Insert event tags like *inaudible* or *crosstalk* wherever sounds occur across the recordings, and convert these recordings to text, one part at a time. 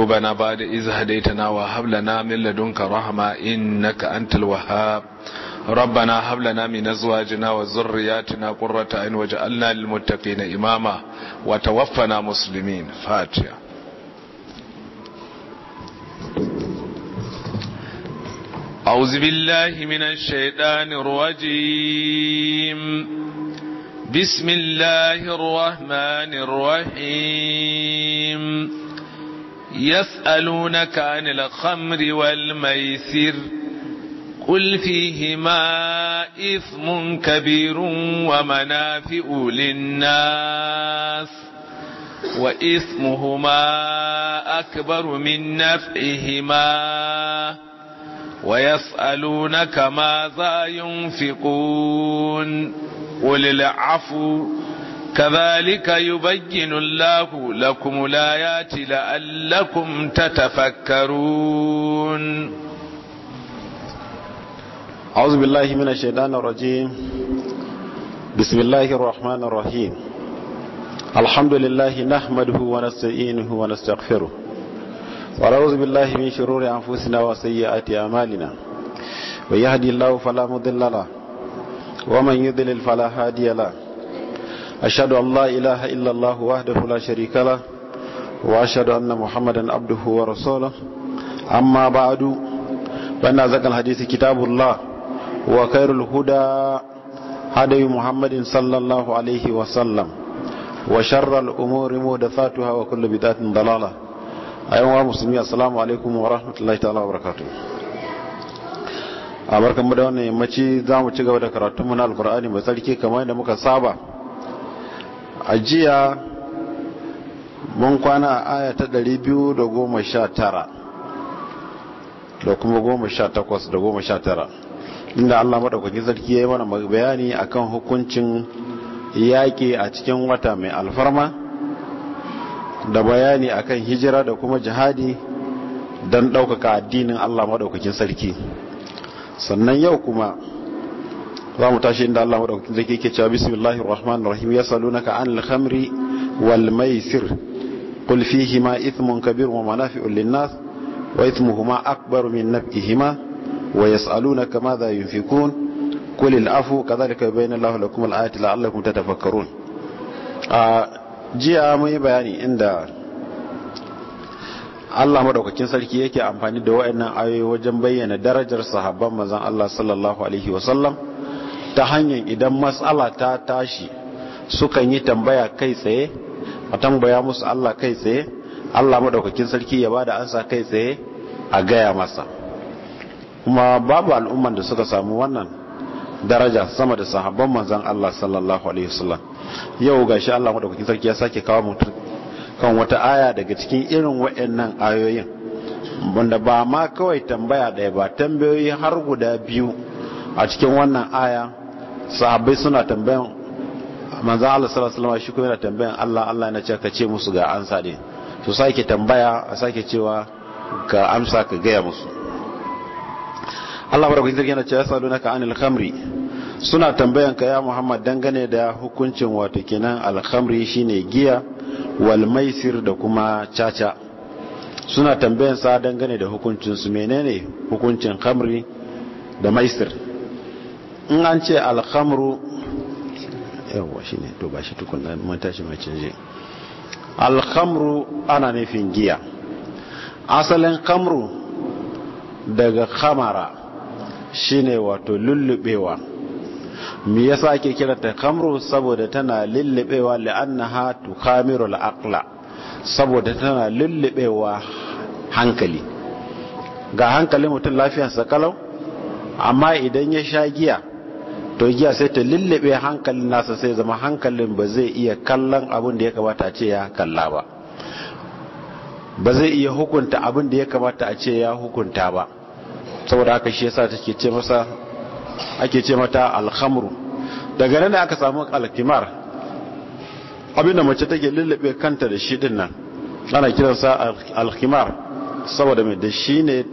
قلوبنا بعد إذ هديتنا وهب لنا من لدنك رحمة إنك أنت الوهاب ربنا هب لنا من أزواجنا وذرياتنا قرة عين واجعلنا للمتقين إماما وتوفنا مسلمين فاتحة أعوذ بالله من الشيطان الرجيم بسم الله الرحمن الرحيم يسألونك عن الخمر والميسر قل فيهما إثم كبير ومنافع للناس وإثمهما أكبر من نفعهما ويسألونك ماذا ينفقون قل العفو كذلك يبين الله لكم الآيات لعلكم تتفكرون أعوذ بالله من الشيطان الرجيم بسم الله الرحمن الرحيم الحمد لله نحمده ونستعينه ونستغفره ونعوذ بالله من شرور أنفسنا وسيئات أعمالنا ويهدي الله فلا مضل له ومن يضلل فلا هادي له أشهد أن لا إله إلا الله وحده لا شريك له وأشهد أن محمدا عبده ورسوله أما بعد فإن أزكى الحديث كتاب الله وخير الهدى هدي محمد صلى الله عليه وسلم وشر الأمور محدثاتها وكل بدعة ضلالة أيها المسلمين السلام عليكم ورحمة الله تعالى وبركاته a barkan mu da wannan yammaci za mu ci gaba da karatunmu na alkur'ani mai tsarki kamar yadda muka saba a jiya mun kwana a aya ta 219 da kuma 18 da 19 inda Allah madaukakin sarki ya yi mana bayani akan hukuncin yaƙi a cikin wata mai alfarma da bayani akan hijira da kuma jihadi don ɗaukaka addinin Allah maɗaukakin sarki sannan yau kuma za mu tashi inda Allah madaukakin zai yake cewa bismillahir rahmanir rahim yasalunaka anil khamri wal maisir qul ma ithmun Kabir wa manafi'un lin-nas wa ithmuhuma akbar min naf'ihima wa yas'alunaka madha yunfikun qul al-afu kadhalika yubayyinu Allahu lakum al-ayati la'allakum tatafakkarun a jiya mai bayani inda Allah madaukakin sarki yake amfani da waɗannan ayoyi wajen bayyana darajar sahabban manzon Allah sallallahu alaihi wa sallam ta hanyar idan matsala ta tashi sukan yi tambaya kai tsaye a tambaya musu Allah kai tsaye Allah madaukakin sarki ya bada ansa kai tsaye a gaya masa kuma babu al'umman da suka samu wannan daraja sama da sahabban manzan Allah sallallahu alaihi wasallam yau gashi Allah madaukakin sarki ya sake kawo mu kan wata aya daga cikin irin waɗannan ayoyin wanda ba ma kawai tambaya ɗaya ba tambayoyi har guda biyu a cikin wannan aya sahabbai suna tambayan manzo Allah sallallahu alaihi wasallam shi kuma yana tambayan Allah Allah yana cewa ka ce musu ga ansa din to sake tambaya a sake cewa ka amsa ka gaya musu Allah barkatun sarki yana cewa yasalunaka anil khamri suna tambayan ka ya Muhammad dangane da hukuncin wato kenan al-khamri shine giya wal maisir da kuma caca suna tambayan sa dangane da hukuncin su menene hukuncin khamri da maisir in an ce alhamru yawwa shi to ba shi tukun da mun mai canje alhamru ana nufin giya asalin kamru daga kamara shine wato lullubewa me yasa ake kiranta kamru saboda tana lullubewa li'annaha tukhamiru al saboda tana lullubewa hankali ga hankalin mutum lafiyarsa kalau amma idan ya sha giya to giya sai ta lullube hankalin nasa sai zama hankalin ba zai iya kallon abin da ya kamata a ce ya kalla ba ba zai iya hukunta abin da ya kamata a ce ya hukunta ba saboda aka shi yasa take ce masa ake ce mata alhamru daga nan aka samu alkimar abin da mace take lullube kanta da shi din nan ana kiransa alkimar saboda mai da shi ne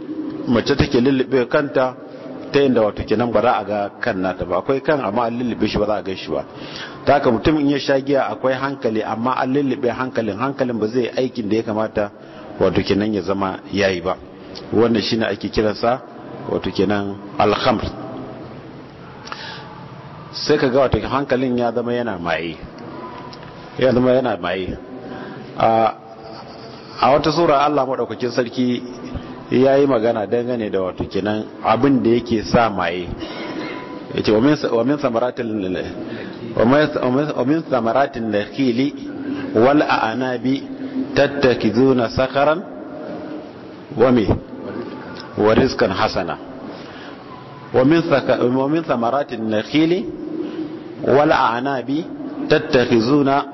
mace take lullube kanta ta yin yadda wato kenan ba za a ga kan nata ba akwai kan amma an lullube shi ba za a ga shi ba ta haka mutum in ya sha giya akwai hankali amma an lullube hankalin hankalin ba zai aikin da ya kamata wato kenan ya zama yayi ba wannan shine ake kiransa wato kenan alhamr sai ka ga wato hankalin ya zama yana maye ya zama yana maye a wata sura Allah madaukakin sarki ya yi magana dangane da wato kinan abin da yake sa maye ya ce wa min samaratin lakili wal tattaki zuna sakaran wa me wa rizkan hasana wa min samaratin bi wal a'anabi tattakizuna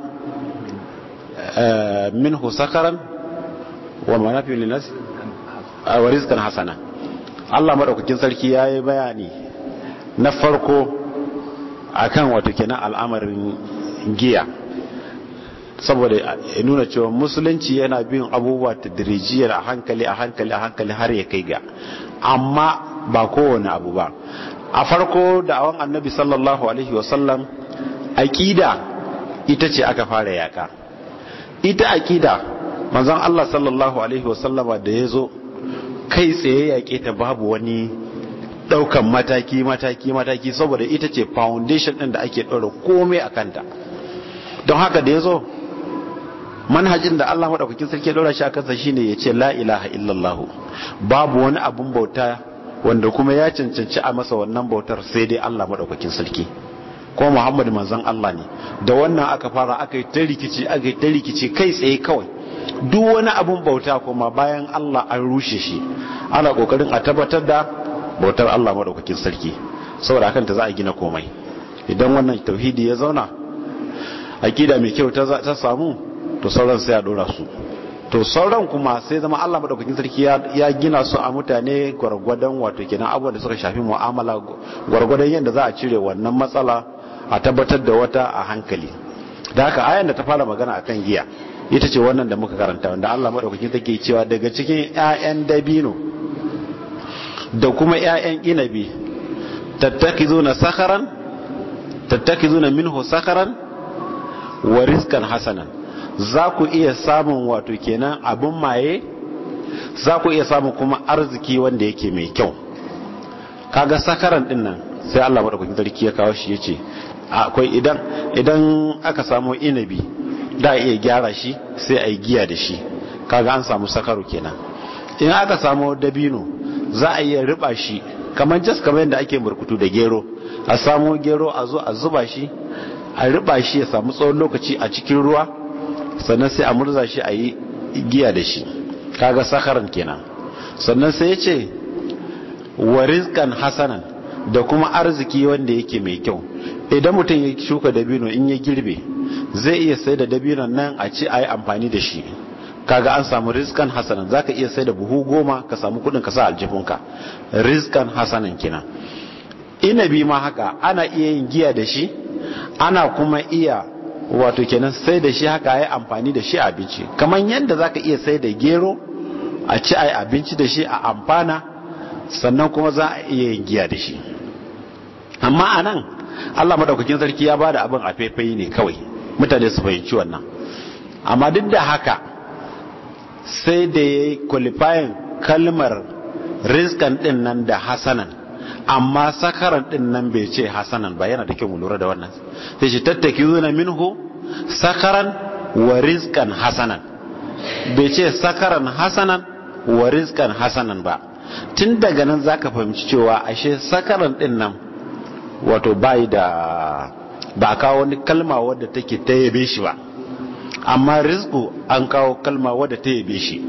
eh, minhu sakaran wa manafi linas wa rizqan hasana Allah madaukakin sarki yayi bayani na farko akan wato kenan al'amarin giya saboda ya nuna cewa musulunci yana bin abubuwa ta dirijiyar a hankali a hankali a hankali har ya kai ga amma ba kowane abu ba a farko da awon annabi sallallahu alaihi wasallam aƙida ita ce aka fara yaƙa ita aƙida manzon Allah sallallahu alaihi wasallama da ya zo kai tsaye yaƙe ta babu wani ɗaukan mataki mataki mataki saboda ita ce foundation ɗin da ake ɗora komai a kanta don haka da ya zo manhajin da Allah maɗaukakin sarki ya ɗora shi a kansa shi ne ya ce la ilaha illallah babu wani abin bauta wanda kuma ya cancanci a masa wannan bautar sai dai Allah maɗaukakin sarki ko muhammadu manzon Allah ne da wannan aka fara aka yi ta aka yi ta rikici kai tsaye kawai duk wani abun bauta kuma bayan Allah an rushe shi ana kokarin a tabbatar da bautar Allah madaukakin sarki saboda hakan ta za a gina komai idan wannan tauhidi ya zauna aƙida mai kyau ta samu to sauran sai a dora su to sauran kuma sai zama Allah madaukakin sarki ya gina su a mutane gargwadan wato kenan abu da suka shafi mu'amala gargwadan yanda za a cire wannan matsala a tabbatar da wata a hankali da haka ayan da ta fara magana akan giya ita ce wannan da muka karanta wanda Allah maɗaukakin take cewa daga cikin ƴaƴan dabino da kuma ƴaƴan inabi tattaki zuna sakaran tattaki zuna minho sakaran wa riskan hasanan za ku iya samun wato kenan abin maye za ku iya samun kuma arziki wanda yake mai kyau kaga sakaran din nan sai Allah maɗaukakin tarki ya kawo shi ya ce akwai idan idan aka samu inabi da a iya gyara shi sai a yi giya da shi kaga an samu sakaru kenan in aka samu dabino za a iya riba shi kamar jas kamar yadda ake burkutu da gero a samu gero a zo a zuba shi a riba shi ya samu tsawon lokaci a cikin ruwa sannan sai a murza shi a yi giya da shi kaga sakaran kenan sannan sai ya ce wa rizkan hasanan da kuma arziki wanda yake mai kyau idan mutum ya shuka dabino in ya girbe zai iya sai da dabinan nan a ci a yi amfani da shi kaga an samu rizkan hasanan ka iya sai da buhu goma ka samu kudin ka sa aljihunka rizkan hasanan Ina inabi ma haka ana iya yin giya da shi ana kuma iya wato kenan sai da shi haka a yi amfani da shi abinci kamar yadda za ka iya sai da gero a ci a yi abinci da shi a amfana sannan kuma za a iya yin giya da shi amma anan Allah maɗaukakin sarki ya bada abin a faifai ne kawai mutane su fahimci wannan amma duk da haka sai da ya yi kwalifayin kalmar rizkan din nan da hasanan amma sakaran din nan bai ce hasanan ba yana da kyau lura da wannan sai shi tattaki zuna minhu sakaran wa rizkan hasanan bai ce sakaran hasanan wa rizkan hasanan ba tun daga nan za ka fahimci cewa ashe sakaran din nan wato bai da ba a kawo wani kalma wadda take ta yabe shi ba amma rizku an kawo kalma wadda ta yabe shi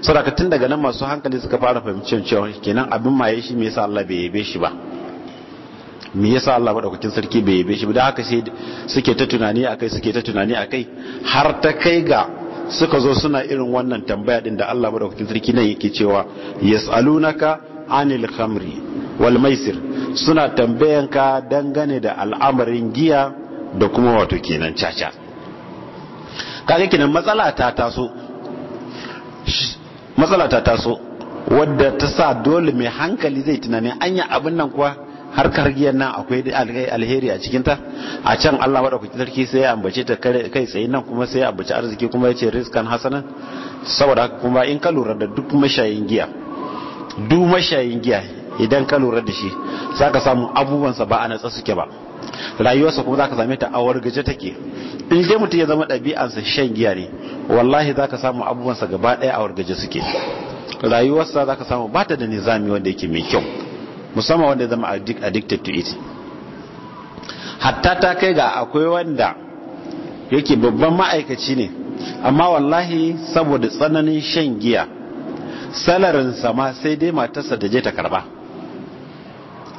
saboda tun daga nan masu hankali suka fara fahimci cewa kenan abin maye shi me yasa Allah bai yabe shi ba me yasa Allah madaukakin sarki bai yabe shi ba da haka sai suke ta tunani akai suke ta tunani akai har ta kai ga suka zo suna irin wannan tambaya din da Allah madaukakin sarki nan yake cewa yas'alunaka anil khamri wal maisir suna ka dangane da al'amarin giya da kuma wato kenan caca kaga kenan matsala ta taso matsala ta taso wadda ta sa dole mai hankali zai tunanin anya abin nan kuwa har kargiyar nan akwai alheri a cikinta a can Allah maɗaukaki sarki sai ya ambace ta kai tsaye nan kuma sai ya ambace arziki kuma ya ce riskan hasanan saboda kuma in ka lura da duk mashayin giya duk mashayin giya idan ka lura da shi za ka samu abubuwansa ba a natsa suke ba rayuwarsa kuma za ka same ta a wargaje take in dai mutum ya zama ɗabi'ansa shan giya ne wallahi za ka samu abubuwansa gaba ɗaya a wargaje suke rayuwarsa za ka samu ba ta da nizami wanda yake mai kyau musamman wanda ya zama addicted to it hatta ta kai ga akwai wanda yake babban ma'aikaci ne amma wallahi saboda tsananin shan giya salarinsa ma sai dai matarsa da je ta karba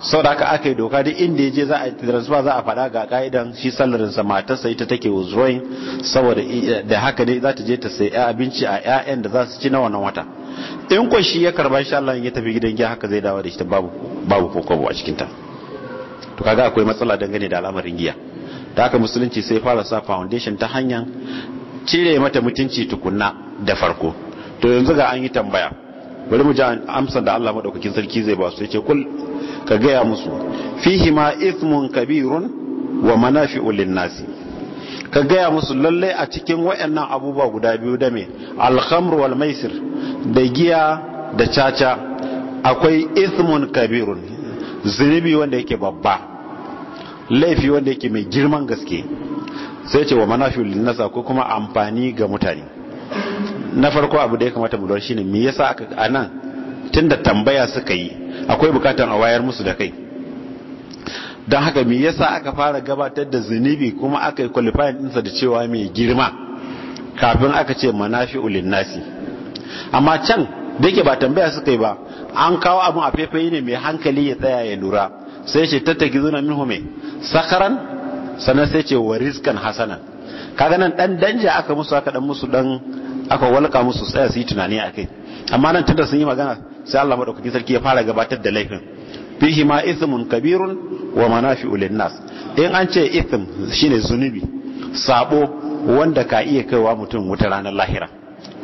sau da aka aka yi doka duk inda ya je za a transfer za a faɗa ga ka'idan shi salarinsa matarsa ita take wuzroin saboda da haka ne za ta je ta sai abinci a 'ya'yan da za su ci na wannan wata in ko shi ya karba insha Allah ya tafi gidan giya haka zai dawo da shi babu babu kokobo a cikin ta to kaga akwai matsala dangane da al'amarin giya da haka musulunci sai fara sa foundation ta hanyar cire mata mutunci tukunna da farko to yanzu ga an yi tambaya bari mu ji amsa da Allah madaukakin sarki zai ba su yace kul ka gaya musu fihi ma ithmun kabirun wa manafi'u lin-nasi ka gaya musu lallai a cikin wayannan abubuwa guda biyu da me al-khamr wal maisir da giya da caca akwai ithmun kabirun zunubi wanda yake babba laifi wanda yake mai girman gaske sai ce wa manafi'u lin-nasi ko kuma amfani ga mutane na farko abu da ya kamata mu lura shine me yasa aka anan tunda tambaya suka yi akwai bukatan a wayar musu da kai don haka me yasa aka fara gabatar da zunubi kuma aka yi qualifying sa da cewa mai girma kafin aka ce manafi'u linnasi amma can da yake ba tambaya suka yi ba an kawo abin a faifayi ne mai hankali ya tsaya ya lura sai ce tattaki zuna minhu mai sakaran sannan sai ce wa rizkan hasanan kaga nan dan danja aka musu aka dan musu dan aka walka musu tsaya su yi tunani a kai amma nan tunda sun yi magana sai Allah madaukakin sarki ya fara gabatar da laifin fihi ma ithmun kabirun wa manafi'u linnas in an ce ithm shine zunubi sabo wanda ka iya kaiwa mutum wuta ranar lahira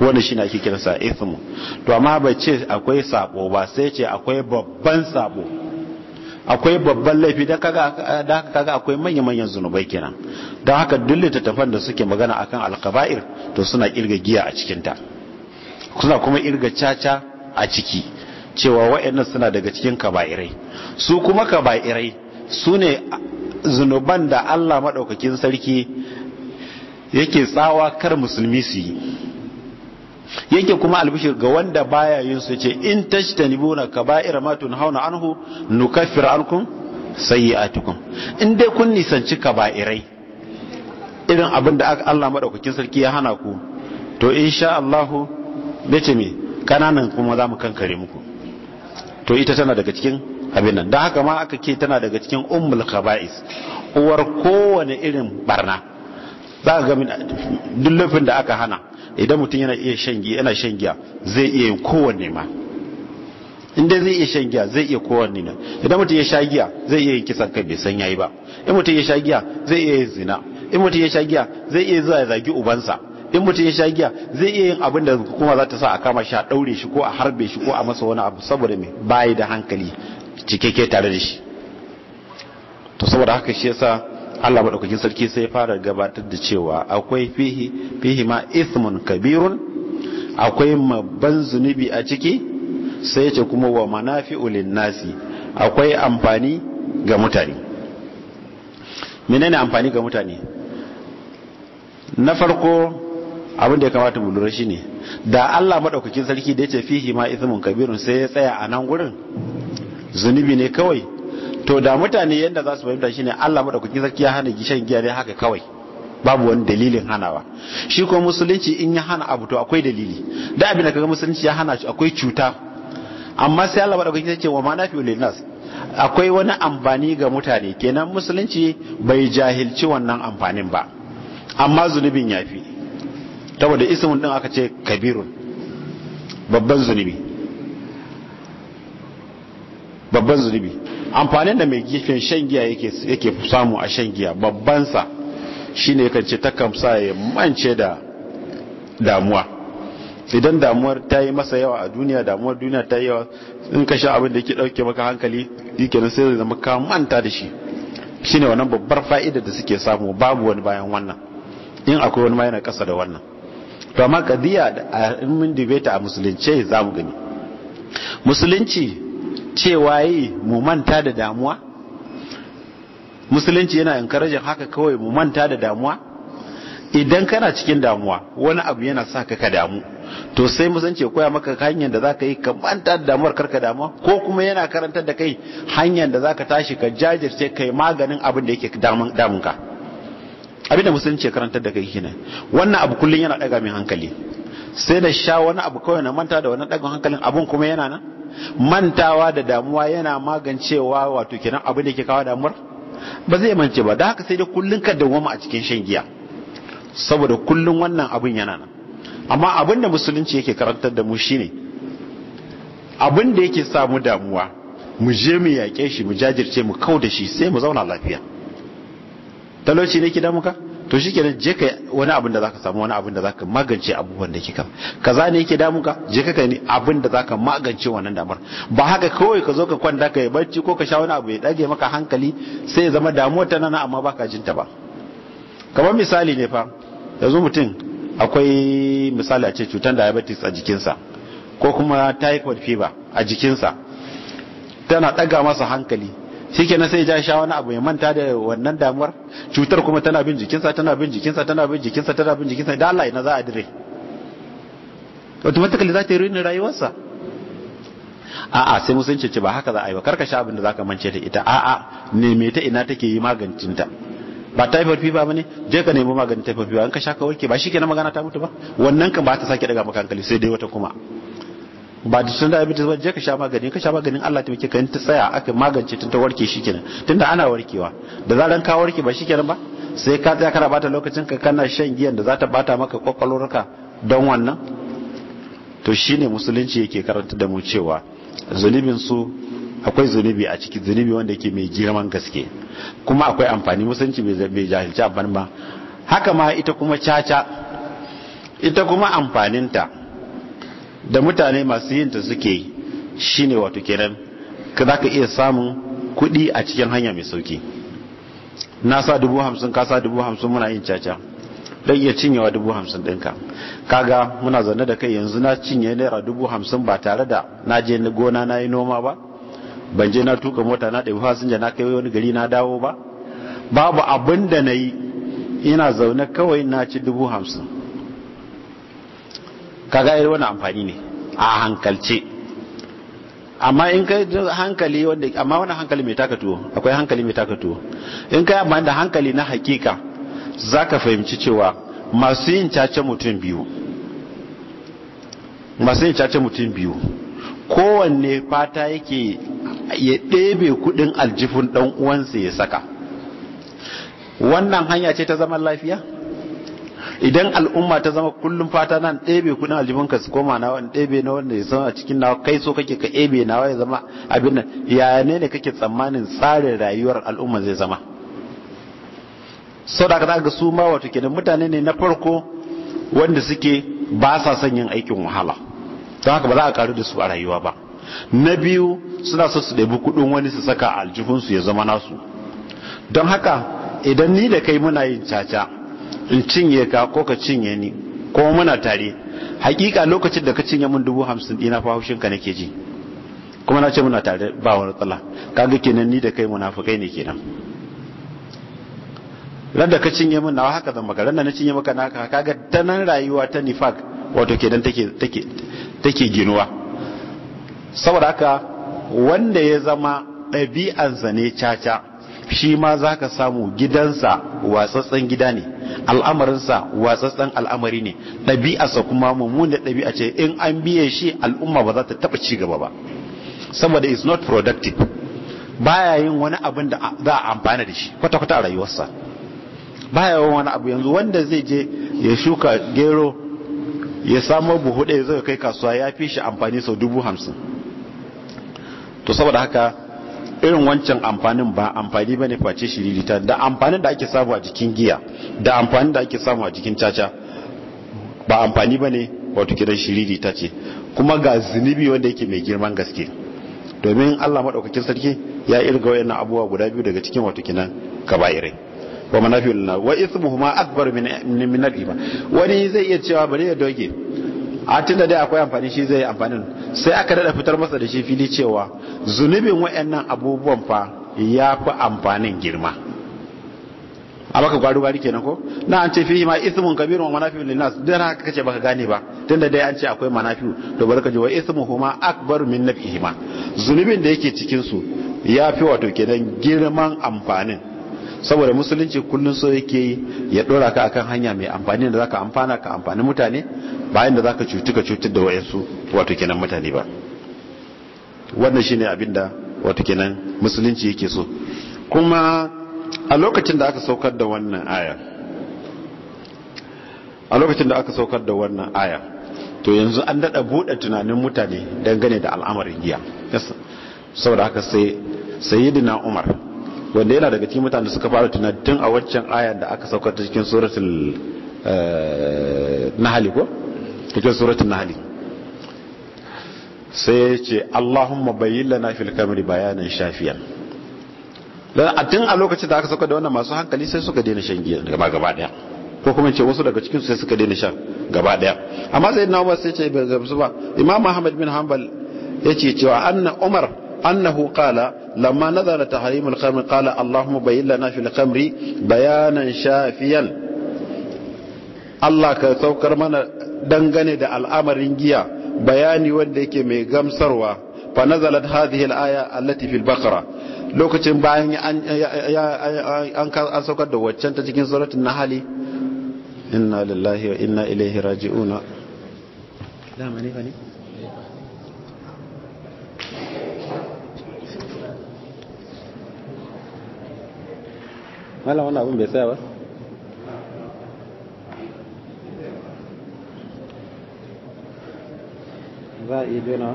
wanda shine ake kiransa ithmu to amma bai ce akwai sabo ba sai ce akwai babban sabo akwai babban laifi da haka kaga akwai manya manyan zunubai kenan don haka duk littattafan da suke magana akan alkaba'ir to suna kirga giya a cikinta suna kuma kirga caca a ciki cewa wa'annan suna daga cikin kaba'irai su kuma kaba'irai su ne zunuban da Allah maɗaukakin sarki yake tsawa kar musulmi su yi yake kuma albishir ga wanda baya yin su ce in tajtanibuna kaba'ira ma tunhauna anhu nukaffir ankum sayi'atukum in dai kun nisanci kaba'irai irin abin da Allah madaukakin sarki ya hana ku to insha Allah dace me kananan kuma za mu kankare muku to ita tana daga cikin abin nan da haka ma aka ke tana daga cikin ummul khaba'is uwar kowane irin barna za ka min duk da aka hana idan mutum yana iya shan giya yana shan giya zai iya yin kowanne ma inda zai iya shan giya zai iya kowanne ne idan mutum ya sha giya zai iya yin kisan kai bai san yayi ba in mutum ya sha giya zai iya yin zina in mutum ya sha giya zai iya zuwa ya zagi ubansa in mutum ya sha giya zai iya yin abin da hukuma za ta sa a kama shi a daure shi ko a harbe shi ko a masa wani abu saboda me bayi da hankali cikakke tare da shi to saboda haka shi yasa Allah madaukakin sarki sai fara gabatar da cewa akwai fihi fihi ma ithmun kabirun akwai mabban zunubi a ciki sai ce kuma wa ulin linnasi akwai amfani ga mutane menene amfani ga mutane na farko abin da ya kamata mu lura ne da Allah maɗaukakin sarki da ya ce fihi ma ithmun kabirun sai ya tsaya a nan gurin zunubi ne kawai to da mutane yadda za su fahimta shine Allah madaukakin sarki ya hana shan giya ne haka kawai babu wani dalilin hanawa shi kuma musulunci in ya hana abu to akwai dalili da abin da kaga musulunci ya hana shi akwai cuta amma sai Allah madaukakin sarki wa ma fi lil nas akwai wani amfani ga mutane kenan musulunci bai jahilci wannan amfanin ba amma zunubin yafi saboda ismun din aka ce kabirun babban zunubi babban zunubi amfanin da mai gifin shan giya yake samu a shan giya babbansa shine kan ce takamsa ya mance da damuwa idan damuwar ta yi masa yawa a duniya damuwar duniya ta yi yawa in ka sha abin da yake dauke maka hankali yake nan sai da zama ka manta da shi Shi ne wannan babbar fa'ida da suke samu babu wani bayan wannan in akwai wani ma yana kasa da wannan to amma kadiya in mun dibeta a musulunce za mu gani musulunci cewa yi mu manta da damuwa musulunci yana encouraging haka kawai mu manta da damuwa idan kana cikin damuwa wani abu yana sa ka damu to sai musulunci ya koya maka hanyar da za ka yi ka manta da damuwar karka damuwa ko kuma yana karantar da kai hanyar da za ka tashi ka jajirce kai maganin abin da yake damunka abin da musulunci ya karantar da kai kenan wannan abu kullum yana ɗaga min hankali sai da sha wani abu kawai na manta da wani ɗagon hankalin abun kuma yana nan mantawa da damuwa yana magancewa wato kenan abin da ke kawo damuwar ba zai mance ba da haka sai dai kullun ka dawwama a cikin shan giya saboda kullun wannan abin yana nan amma abin da musulunci yake karantar da mu shine abin da yake samu damuwa mu je mu yaƙe shi mu jajirce mu kau da shi sai mu zauna lafiya talauci ne ki damuka to shi kenan je ka wani abin da zaka samu wani abin da zaka magance abubuwan da kika kaza ne yake damun ka je ka ne abin da zaka magance wannan damar ba haka kawai ka zo ka kwanta ka yi barci ko ka sha wani abu ya dage maka hankali sai ya zama damuwar ta nan amma baka jin ta ba kamar misali ne fa yanzu mutum akwai misali a ce cutar diabetes a jikinsa ko kuma typhoid fever a jikinsa tana ɗaga masa hankali shikenan sai ja sha wani abu ya manta da wannan damuwar cutar kuma tana bin jikinsa tana bin jikinsa tana bin jikinsa tana bin jikinsa da Allah ina za a dire automatically za ta yi ruinin rayuwarsa a'a sai musun ce ba haka za a yi ba karka sha abin da zaka mance da ita a'a neme ta ina take yi magancinta ba typhoid fever bane je ka nemi maganin typhoid fever an ka sha ka warke ba shikenan magana ta mutu ba wannan kan ba ta sake daga maka hankali sai dai wata kuma ba da tun diabetes ba je ka sha magani ka sha maganin Allah ta ka ta tsaya aka magance tun ta warke shikenan tunda ana warkewa da zaran ka warke ba shikenan ba sai ka tsaya kana bata lokacin ka kana shan giyan da za ta bata maka kwakwalwarka don wannan to shine musulunci yake karanta da mu cewa zulubin su akwai zunubi a ciki zunubi wanda yake mai girman gaske kuma akwai amfani musulunci bai jahilci amfani ba haka ma ita kuma caca ita kuma amfaninta da mutane masu yin ta suke shine wato kenan ka za ka iya samun kuɗi a cikin hanya mai sauki na sa dubu hamsin ka sa dubu hamsin muna yin caca don iya cinyewa dubu hamsin ɗinka kaga muna zaune da kai yanzu na cinye naira dubu hamsin ba tare da na je gona na yi noma ba ban je na tuka mota na ɗabi fasinja na kai wani gari na dawo ba babu abin da na yi ina zaune kawai na ci dubu hamsin kaga yi wani amfani ne a hankalce amma in kai hankali wanda amma wani hankali mai taka tuwo akwai hankali mai taka tuwo in kai amma da hankali na hakika zaka fahimci cewa masu yin cace mutum biyu masu yin cace mutum biyu kowanne fata yake ya ɗebe kudin aljifin ɗan uwansa ya saka wannan hanya ce ta zaman lafiya idan al'umma ta zama kullum fata nan ɗebe kudin aljibin ka su koma nawa wani ɗebe na wanda ya zama a cikin nawa kai so kake ka ɗebe nawa ya zama abin nan Yaya ne ne kake tsammanin tsarin rayuwar al'umma zai zama Sau da aka ga su ma wato kenan mutane ne na farko wanda suke ba sa son yin aikin wahala don haka ba za a karu da su a rayuwa ba na biyu suna so su ɗebi kudin wani su saka aljihunsu ya zama nasu don haka idan ni da kai muna yin caca in cinye ka ko ka cinye ni ko muna tare hakika lokacin da ka cinye min dubu hamsin dina fa ka nake ji kuma na ce muna tare ba wani tsala kaga kenan ni da kai munafukai ne kenan ran da ka cinye min nawa haka zan maka ran da na cinye maka haka kaga ta nan rayuwa ta nifak wato kenan take take take ginuwa saboda haka wanda ya zama ɗabi'ansa ne caca shi ma za ka samu gidansa wasassan gida ne al'amarinsa wasassan al'amari ne ɗabi'arsa kuma mummuna ɗabi'a ce in an biya shi al'umma ba za ta taɓa ci gaba ba saboda is not productive baya yin wani abin da za a amfana da shi kwata-kwata a rayuwarsa baya yin wani abu yanzu wanda zai je ya shuka gero ya samo buhu ɗaya zai kai kasuwa ya fi shi amfani sau dubu hamsin to saboda haka irin wancan amfanin ba amfani bane face shiririta da amfanin da ake samu a jikin giya da amfanin da ake samu a jikin caca ba amfani bane wato kidan shiririta ce kuma ga zunubi wanda yake mai girman gaske domin Allah madaukakin sarki ya irga wayannan abubuwa guda biyu daga cikin wato kinan kaba'irai wa manafi'ul wa ithmuhuma akbar min min al-iman wani zai iya cewa bare ya doge a tunda dai akwai amfani shi zai amfanin sai aka dada fitar masa da shi fili cewa zunubin wayannan abubuwan fa ya fi amfanin girma a baka gwaru gari kenan ko na an ce fihi ma ismun kabirun wa manafi'un linnas dan haka kace baka gane ba tunda dai an ce akwai manafi'u to bari ka ji wa ismu huma akbaru min nafihima zunubin da yake cikin su ya fi wato kenan girman amfanin saboda musulunci kullun so yake yi ya dora ka akan hanya mai amfani da zaka amfana ka amfani mutane bayan da zaka cutu ka cutar da wayansu wato kenan mutane ba wannan shine abin da wato kenan musulunci yake so kuma a lokacin da aka saukar da wannan aya a lokacin da aka saukar da wannan aya to yanzu an dada bude tunanin mutane dangane da al'amarin giya saboda haka sai sayyidina Umar wanda yana daga cikin mutane suka fara tunani tun a waccan ayar da aka saukar ta cikin suratul eh, nahali ko cikin suratul nahli sai ce Allahumma bayyin lana fil kamri bayanan shafiyan dan a tun a lokacin da aka saukar da wannan masu hankali sai suka daina shan giya gaba gaba daya ko kuma ce wasu daga cikin su sai suka daina shan gaba daya amma sai na Umar sai ce ba ba Imam Ahmad bin Hanbal yace cewa anna Umar أنه قال لما نظر تحريم الخمر قال اللهم بين لنا في الخمر بيانا شافيا الله كثوكر من دنغني دا الأمر انجيا بياني ودك مي سروا فنزلت هذه الآية التي في البقرة lokacin bayan an saukar da waccan ta cikin suratun nahali inna lillahi wa inna ilaihi raji'una dama ne ba ne malam wannan abin bai tsaya ba za a iya jona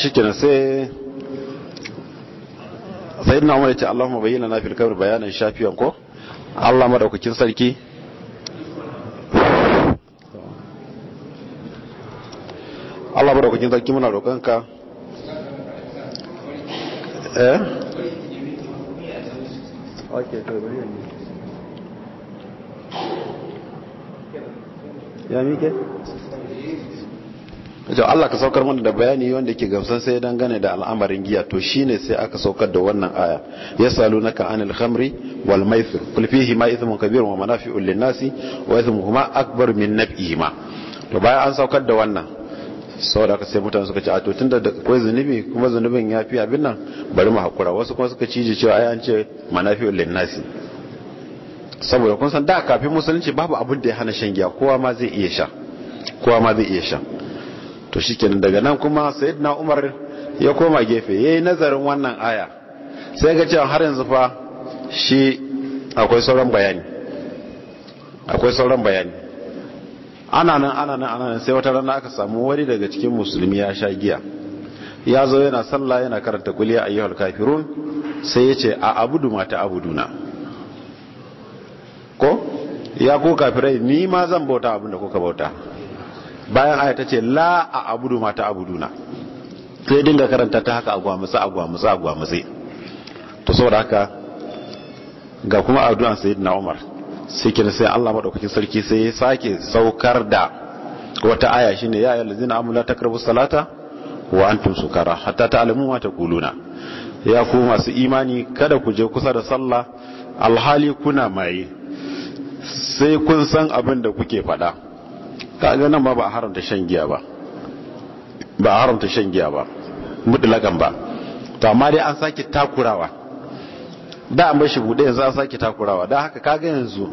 shi kenan sai sai na umar ce allahumma bayyana na fil kabir bayanan shafiyan ko allah madaukakin sarki allah madaukakin sarki muna roƙonka eh okay Allah ka saukar mana da bayani wanda ke gamsan sai dangane da al'amarin giya to shine sai aka saukar da wannan aya yasalunaka anil khamri wal maisir kul fihi ma ithmun kabirun wa manafi'un lin-nasi wa ithmuhuma akbar min naf'ihima to bayan an saukar da wannan saboda sai mutane suka ce a to da akwai zunubi kuma zunubin ya fi abin nan bari mu hakura wasu kuma suka ciji cewa ai an ce manafi'ul linnasi saboda kun san da kafin musulunci babu abin da ya hana shan giya kowa ma zai iya sha kowa ma zai iya sha to shikenan daga nan kuma sayyidina Umar ya koma gefe yayi nazarin wannan aya sai ga cewa har yanzu fa shi akwai sauran bayani akwai sauran bayani ana nan ana nan ana nan sai wata rana aka samu wani daga cikin musulmi ya sha giya ya zo yana sallah yana karanta kuliya ayyuhal kafirun sai ya ce a abudu mata abuduna ko ya ko kafirai ni ma zan bauta abin da kuka bauta bayan aya ta ce la a abudu mata abuduna sai dinga karanta ta haka agwamusa agwa agwamusa to saboda haka ga kuma addu'an sayyidina Umar sai kina sai Allah madaukakin sarki sai ya sake saukar da wata aya shine ya ayyuhal ladzina amanu la salata wa antum sukara hatta ta'lamu ma taquluna ya ku masu imani kada ku je kusa da sallah alhali kuna maye sai kun san abin da kuke faɗa kaga nan ma ba haramta shan giya ba ba haramta shan giya ba mutlakan ba to amma dai an sake takurawa da an bashi buɗe yanzu an sake takurawa da haka kaga yanzu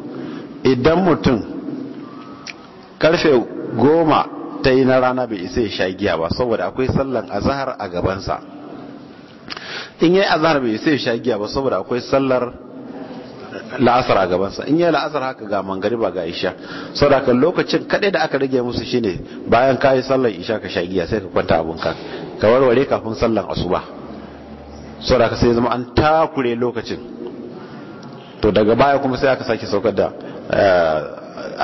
idan mutum karfe goma ta yi na rana bai isa ya sha giya ba saboda akwai sallan azahar a gabansa in yi azahar bai isa ya sha giya ba saboda akwai sallar la'asar a gabansa in yi la'asar haka ga mangariba ga isha saboda kan lokacin kaɗai da aka rage musu shine bayan ka yi sallar isha ka sha giya sai ka kwanta abun ka warware kafin sallan asuba saboda ka sai zama an takure lokacin to daga baya kuma sai aka sake saukar da eh,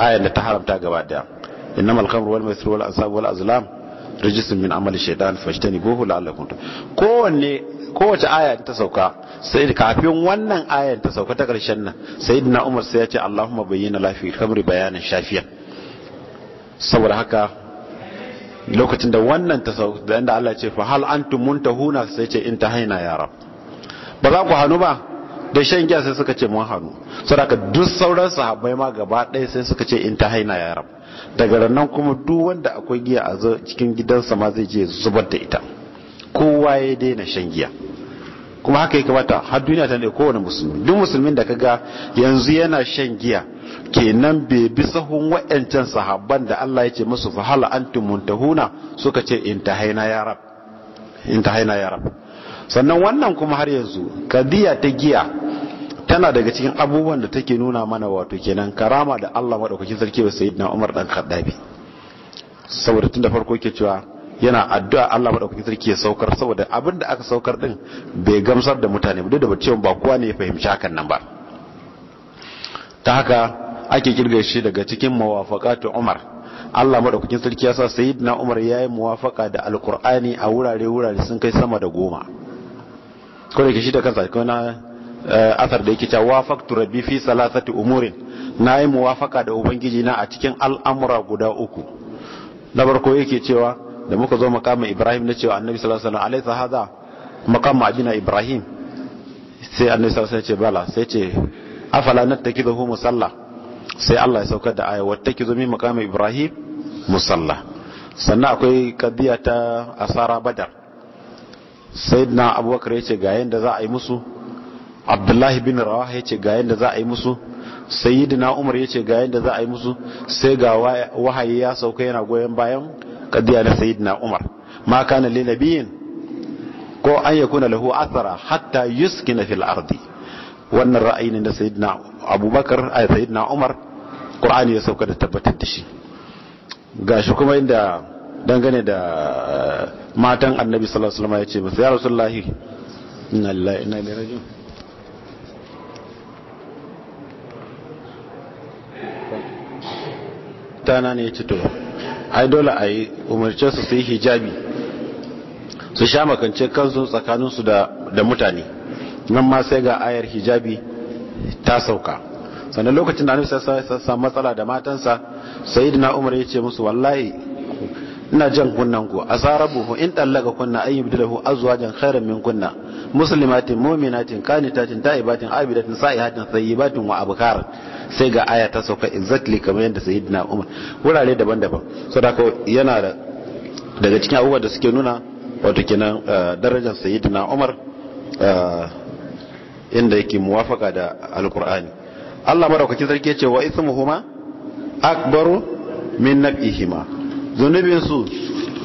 ayan da ta haramta gaba daya innamal khamru wal maisir wal ansab wal azlam rijisun min amali shaitan fashtani gohu la'allakum kowanne kowace aya ta sauka sai kafin wannan ayan ta sauka ta karshen nan sayyidina umar sai ya ce allahumma bayyana lafi kamar bayanan shafiyan saboda haka lokacin da wannan ta sau da inda Allah ce fa hal huna su sai ce in ta haina ya ba za ku hannu ba da shan giya sai suka ce mun hannu saboda duk sauran sahabbai ma gaba ɗaya sai suka ce in ta haina ya daga nan kuma duk wanda akwai giya a cikin gidansa ma zai je zubar da ita kowa ya daina shan giya kuma haka ya kamata har duniya ta ne kowane musulmi duk musulmin da kaga yanzu yana shan giya kenan bai bi sahun wa'ancan sahabban da Allah ya ce musu fa hal antum muntahuna suka ce intahaina ya rab intahaina ya rab sannan wannan kuma har yanzu kadiya ta giya tana daga cikin abubuwan da take nuna mana wato kenan karama da Allah madaukakin sarki wa sayyidina Umar dan Khaddabi saboda tun da farko ke cewa yana addu'a Allah madaukakin sarki ya saukar saboda abin da aka saukar din bai gamsar da mutane ba duk da cewa ba kowa ne ya fahimci hakan nan ba ta haka ake kirga shi daga cikin mawafaqatu Umar Allah madaukakin sarki ya sa sayyidina Umar ya yi muwafaka da alkur'ani a wurare wurare sun kai sama da goma ko da shi da kansa ko na eh, asar da yake cewa wafaqtu rabbi fi salasati umurin nayi muwafaka da ubangiji na a cikin al'amura guda uku na farko yake cewa da muka zo makamin ibrahim na cewa annabi sallallahu alaihi wasallam haza hada makamu abina ibrahim sai annabi sallallahu alaihi wasallam ce bala sai ce afala nattakidahu musalla sai Allah ya saukar da aya wattakizu min makamin ibrahim musalla sannan akwai kadiya ta asara badar sayyidina abubakar ya ce ga yanda za a yi musu abdullahi bin rawa ya ce ga yanda za a yi musu sayyidina umar ya ce ga da za a yi musu sai ga wahayi ya sauka yana goyon bayan kadiya na sayyidina umar ma kana li ko an yakuna lahu athara hatta yuskina fil ardi wannan ra'ayi ne na sayyidina abubakar a sayyidina umar qur'ani ya sauka da tabbatar da shi gashi kuma inda dangane da eh, matan annabi sallallahu alaihi wasallam ya ce masa ya rasulullahi tana ne ya ci tuwa ai dole a yi umarce su sai hijabi su sha makance kansu tsakaninsu da mutane nan ma sai ga ayar hijabi ta sauka sannan lokacin da annabi ya sassa matsala da matansa dina umar ya ce musu wallahi ina jan kunnan ku a buhu in dallaka kunna an yi ay yubdilahu jan khairar min kunna musulmatin mu'minatin kanitatin ta'ibatin abidatin sa'ihatin thayyibatin wa abukar sai ga aya ta sauka exactly kamar yadda sayyidina umar wurare daban-daban saboda yana daga cikin abubuwa da suke nuna wato kenan uh, darajar sayyidina umar uh, inda yake muwafaka da alkur'ani Allah madaukaki sarki yace wa ismuhuma akbaru min nabihima zunubin su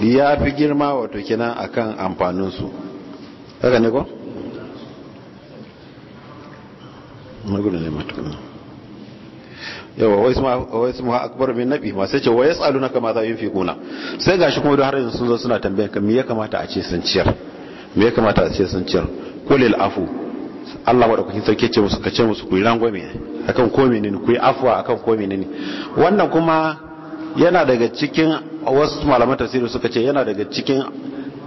ya fi girma wato kenan akan amfanin su haka ne ko na ne matuƙa yawa wa su wa isma akbar min nabi ma sai ce wa yasalunaka ma za kuna sai gashi kuma da har yanzu sun zo suna tambayan ka me ya kamata a ce sun ciyar me ya kamata a ce sun ciyar qulil afu Allah madaukakin sarki ce musu kace musu ku yi rangwame akan ko menene ku yi afwa akan ko menene wannan kuma yana daga cikin wasu malaman tafsiri suka ce yana daga cikin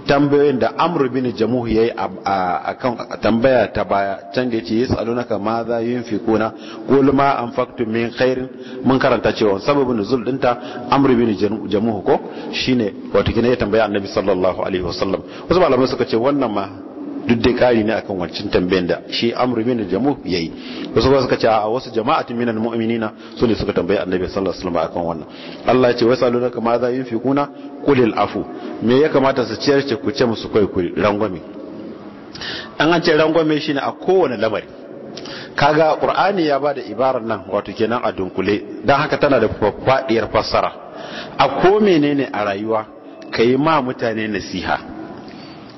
tambayoyin da amru bin yi yayi akan tambaya ta baya can da yace yasalunaka ma za kuna qul ma anfaqtum min khairin mun karanta cewa sababin nuzul dinta amru bin jamuhu ko shine wato kina ya tambaya annabi sallallahu alaihi wasallam wasu malamai suka ce wannan ma duk dai kari ne akan wancan tambayan da shi amru bin jamu yayi wasu ba suka ce a wasu jama'atin minal mu'minina su ne suka tambayi annabi sallallahu alaihi wasallam akan wannan Allah ya ce naka ma za qul al afu me ya kamata su ciyar ce ku ce musu kai ku rangwame an an ce rangwame shine a kowane lamari kaga qur'ani ya bada ibarar nan wato kenan a dunkule dan haka tana da faɗiyar fassara a ko menene a rayuwa kai ma mutane nasiha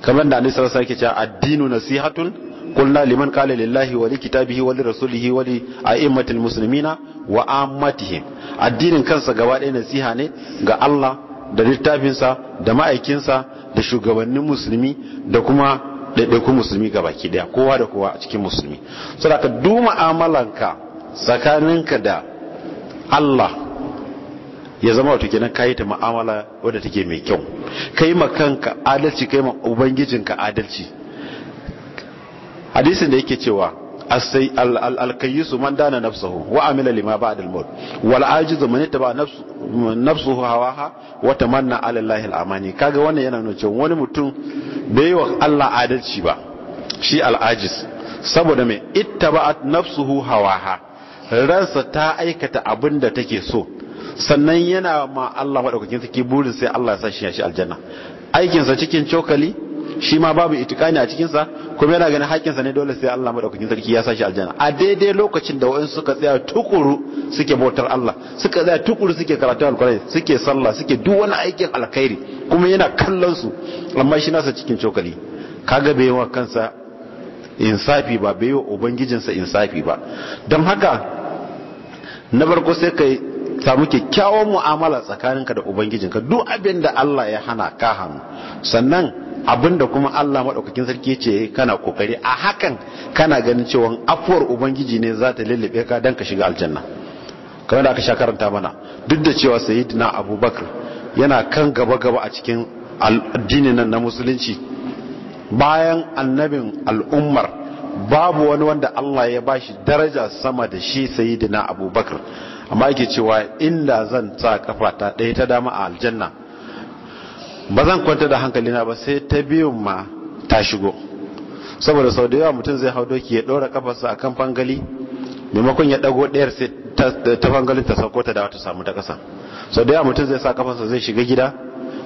kamar da annabi sallallahu yake cewa addinu nasihatun kulla liman qala lillahi wa likitabihi wa lirasulihi wa li a'immatil muslimina wa ammatihim addinin kansa gaba ɗaya nasiha ne ga Allah da littafinsa da ma'aikinsa da shugabannin musulmi da kuma ɗaiɗaikun musulmi ga baki ɗaya kowa da kowa a cikin musulmi saboda duk ka tsakaninka da Allah ya zama wato kenan kayi ta mu'amala wadda take mai kyau kai ma kanka adalci kai ma ubangijinka adalci hadisin da yake cewa asai alkayisu man dana nafsuhu wa amila lima ba'da al-maut wal ajizu man ittaba nafsuhu nafsuhu hawaha wa tamanna ala allahi al-amani kaga wannan yana nuna cewa wani mutum bai wa Allah adalci ba shi al-ajiz saboda mai ittaba'at nafsuhu hawaha ransa ta aikata abinda da take so sannan yana ma Allah waɗaukakin sarki burin sai Allah ya sashi ya shi aljanna aikinsa cikin cokali shi ma babu itikani a cikinsa kuma yana ganin hakinsa ne dole sai Allah maɗaukakin sarki ya sashi aljanna a daidai lokacin da wa'in suka tsaya tukuru suke bautar Allah suka tsaya tukuru suke karatu alƙur'ani suke sallah suke duk wani aikin Alkairi kuma yana kallon su amma shi nasa cikin cokali kaga bai wa kansa insafi ba bai wa ubangijinsa insafi ba don haka na farko sai kai samu kyakkyawan mu'amala tsakaninka da ubangijinka duk abin da Allah ya hana ka hannu sannan abin da kuma Allah maɗaukakin sarki ce kana kokari a hakan kana ganin cewa afuwar ubangiji ne za ta lullube ka don ka shiga aljanna kamar da aka sha karanta mana duk da cewa sayidina abubakar yana kan gaba gaba a cikin addinin nan na musulunci bayan annabin al'ummar babu wani wanda Allah ya bashi daraja sama da shi sayidina abubakar amma yake cewa inda zan sa ta ɗaya ta dama a aljanna ba zan kwanta da hankalina ba sai ta biyun ma ta shigo saboda sau da yawa mutum zai hau doki ya ɗora kafarsa a kan fangali maimakon ya ɗago ɗayar sai ta fangalin ta sauko ta dawa ta samu ta ƙasa sau da yawa mutum zai sa kafarsa zai shiga gida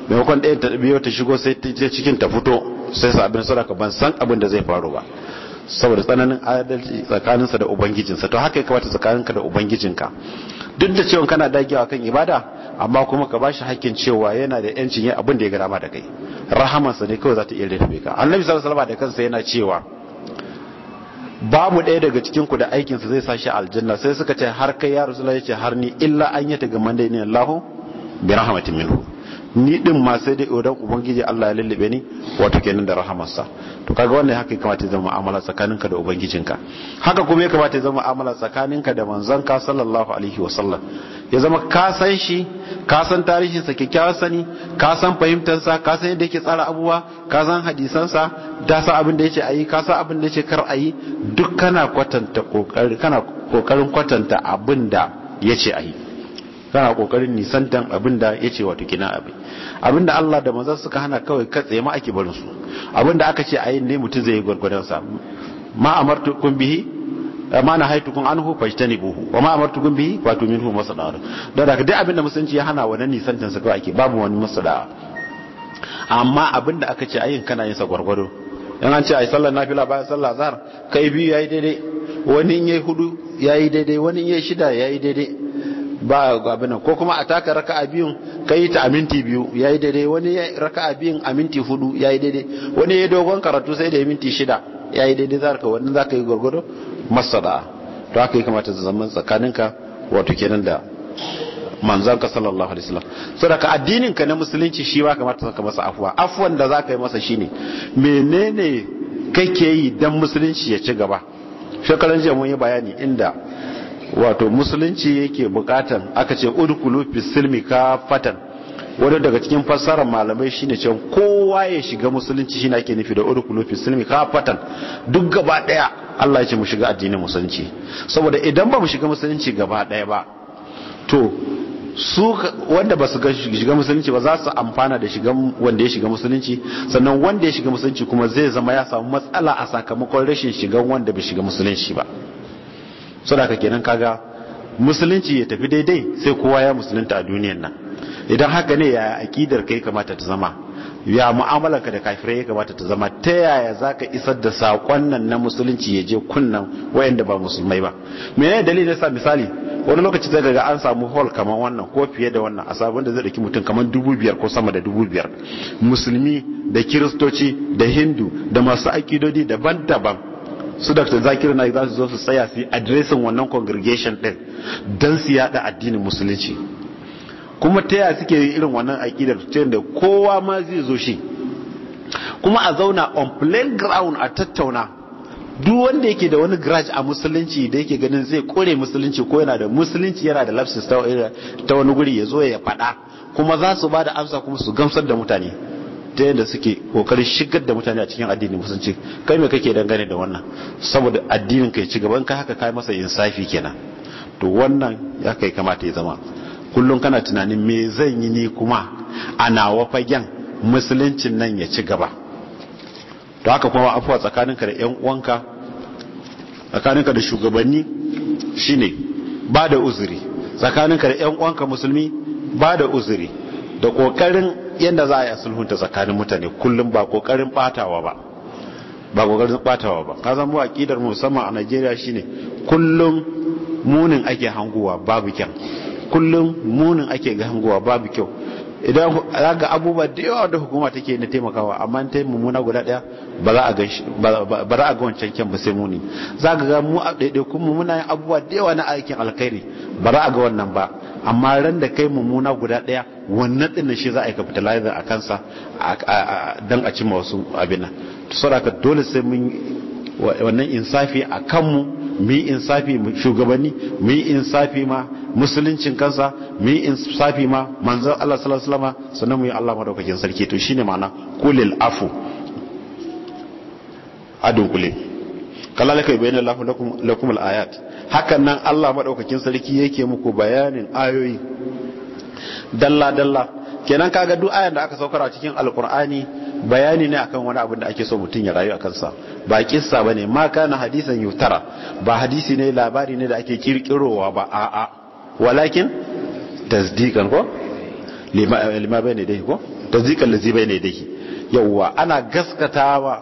maimakon ɗayar ta biyo ta shigo sai ta cikin ta fito sai sa abin sadaka ban san abin da zai faru ba saboda tsananin adalci tsakaninsa da ubangijinsa to haka ya kamata tsakaninka da ubangijinka duk da cewa kana dagewa kan ibada amma kuma ka bashi hakkin cewa yana da yancin yin abin da ya gara ma da kai rahamansa ne kawai za ta iya rufe ka annabi sallallahu alaihi da kansa yana cewa babu ɗaya daga cikin ku da aikinsa zai sashi aljanna sai suka ce har kai ya rasulullahi ya ce har ni illa an yi ta ga mandai ne Allahu bi rahmatin minhu ni din ma sai dai idan ubangiji Allah ya lullube ni wato kenan da rahamarsa to kaga wannan haka kamata zama mu'amala tsakaninka da ubangijinka haka kuma ya kamata zama mu'amala tsakaninka da ka sallallahu alaihi wa sallam ya zama ka san shi ka san tarihinsa kyakkyawar sani ka san sa ka san yadda yake tsara abubuwa ka san sa da san abin da yake ayi ka san abin da yake kar ayi duk kana kwatanta kokarin kana kokarin kwatanta abin da yace ayi kana kokarin nisantan abinda da ya ce wato kina abin Abinda Allah da manzon suka hana kawai katse ma ake barin su abinda aka ce ayin ne mutum zai yi sa ma amartukum bihi ma na haitukum anhu fajtanibuhu wa ma amartukum bihi wato minhu masdar da daga duk abinda musunci ya hana wannan nisantan sa kawai ake babu wani masdar amma abinda aka ce ayin kana yin sa gwargwado in an ce ai sallar nafila bayan sallar zahar kai biyu yayi daidai wani in yayi hudu yayi daidai wani in yayi shida yayi daidai ba abin ko kuma a taka raka'a biyun kai ta aminti biyu ya yi daidai wani raka'a biyun aminti hudu ya yi daidai wani ya dogon karatu sai da ya minti shida ya yi daidai zaka wani ka yi gurgudu da to haka yi kamata zaman tsakaninka wato kenan da manzan ka sallallahu alaihi wasallam saboda addinin ka na musulunci shi ba kamata ka masa afuwa afwan da zaka yi masa shine menene kake yi dan musulunci ya ci gaba shekaran jiya mun yi bayani inda wato musulunci yake bukatan aka ce udkhulu fi silmi kafatan wanda daga cikin fassarar malamai shine can kowa ya shiga musulunci shine ake nufi da udkhulu fi silmi kafatan duk gaba daya Allah ya ce mu shiga addinin musulunci saboda idan ba mu shiga musulunci gaba daya ba to su wanda ba su shiga musulunci ba za su amfana da shiga wanda ya shiga musulunci sannan wanda ya shiga musulunci kuma zai zama ya samu matsala a sakamakon rashin shigan wanda bai shiga musulunci ba saboda kenan kaga musulunci ya tafi daidai sai kowa ya musulunta a duniyar nan idan haka ne ya akidar kai kamata ta zama ya mu'amalarka da kafirai ya kamata ta zama ta yaya za ka isar da saƙon nan na musulunci ya je kunnan wayanda ba musulmai ba mene dalilin sa misali wani lokaci zai ga an samu hall kamar wannan ko fiye da wannan a sabon da zai daki mutum kamar dubu biyar ko sama da dubu biyar musulmi da kiristoci da hindu da masu akidodi daban-daban su dr zakir naik za su zo su tsaya su yi adresin wannan congregation din don su yada addinin musulunci kuma ta yaya suke irin wannan aƙidar ta da kowa ma zai zo shi kuma a zauna on plain ground a tattauna duk wanda yake da wani garage a musulunci da yake ganin zai kore musulunci ko yana da musulunci yana da lafsis ta wani guri ya zo ya faɗa kuma za su ba da amsa kuma su gamsar da mutane ta yadda suke kokarin shigar da mutane a cikin addinin musulunci kai mai kake dangane da wannan saboda addinin ka ya ci gaban ka haka kai masa insafi kenan to wannan ya kai kamata ya zama kullum kana tunanin me zan yi ni kuma a nawa fagen musuluncin nan ya ci gaba to haka kuma afuwa tsakaninka da yan uwanka tsakaninka da shugabanni shine ba da uzuri tsakaninka da yan uwanka musulmi ba da uzuri da kokarin yadda za a yi a sulhunta tsakanin mutane kullum ba kokarin batawa ba ba kokarin batawa ba ka zama wa kidar musamman a Najeriya shine kullum munin ake hanguwa babu kyan kullum munin ake hanguwa babu kyau idan ga abubuwa da yawa da hukuma take na taimakawa amma ta yi mummuna guda daya ba za a ga wancan kyan ba sai muni za ga ga mu a ɗaiɗaikun mummuna yin abubuwa da yawa na aikin alkhairi ba za a ga wannan ba amma ran da kai mummuna guda daya wannan ɗin shi za a yi capitalize a kansa don a cimma wasu abin saboda dole sai mun wannan insafi a kanmu mu yi insafi shugabanni mu yi insafi ma musuluncin kansa mu yi safi ma manzon Allah sallallahu alaihi wasallama sannan mu yi Allah madaukakin sarki to shine ma'ana kulil afu adun kala laka bayyana lafu lakum lakum ayat hakan nan Allah madaukakin sarki yake muku bayanin ayoyi dalla dalla kenan kaga duk ayan da aka saukar a cikin alqur'ani bayani ne akan wani abin da ake so mutum ya rayu a kansa ba kissa bane ma kana hadisan yutara ba hadisi ne labari ne da ake kirkirowa ba a'a walakin tasdikan ko lima bayne dahi ko tasdikan tasdiqan bai bayne dahi yauwa ana gaskatawa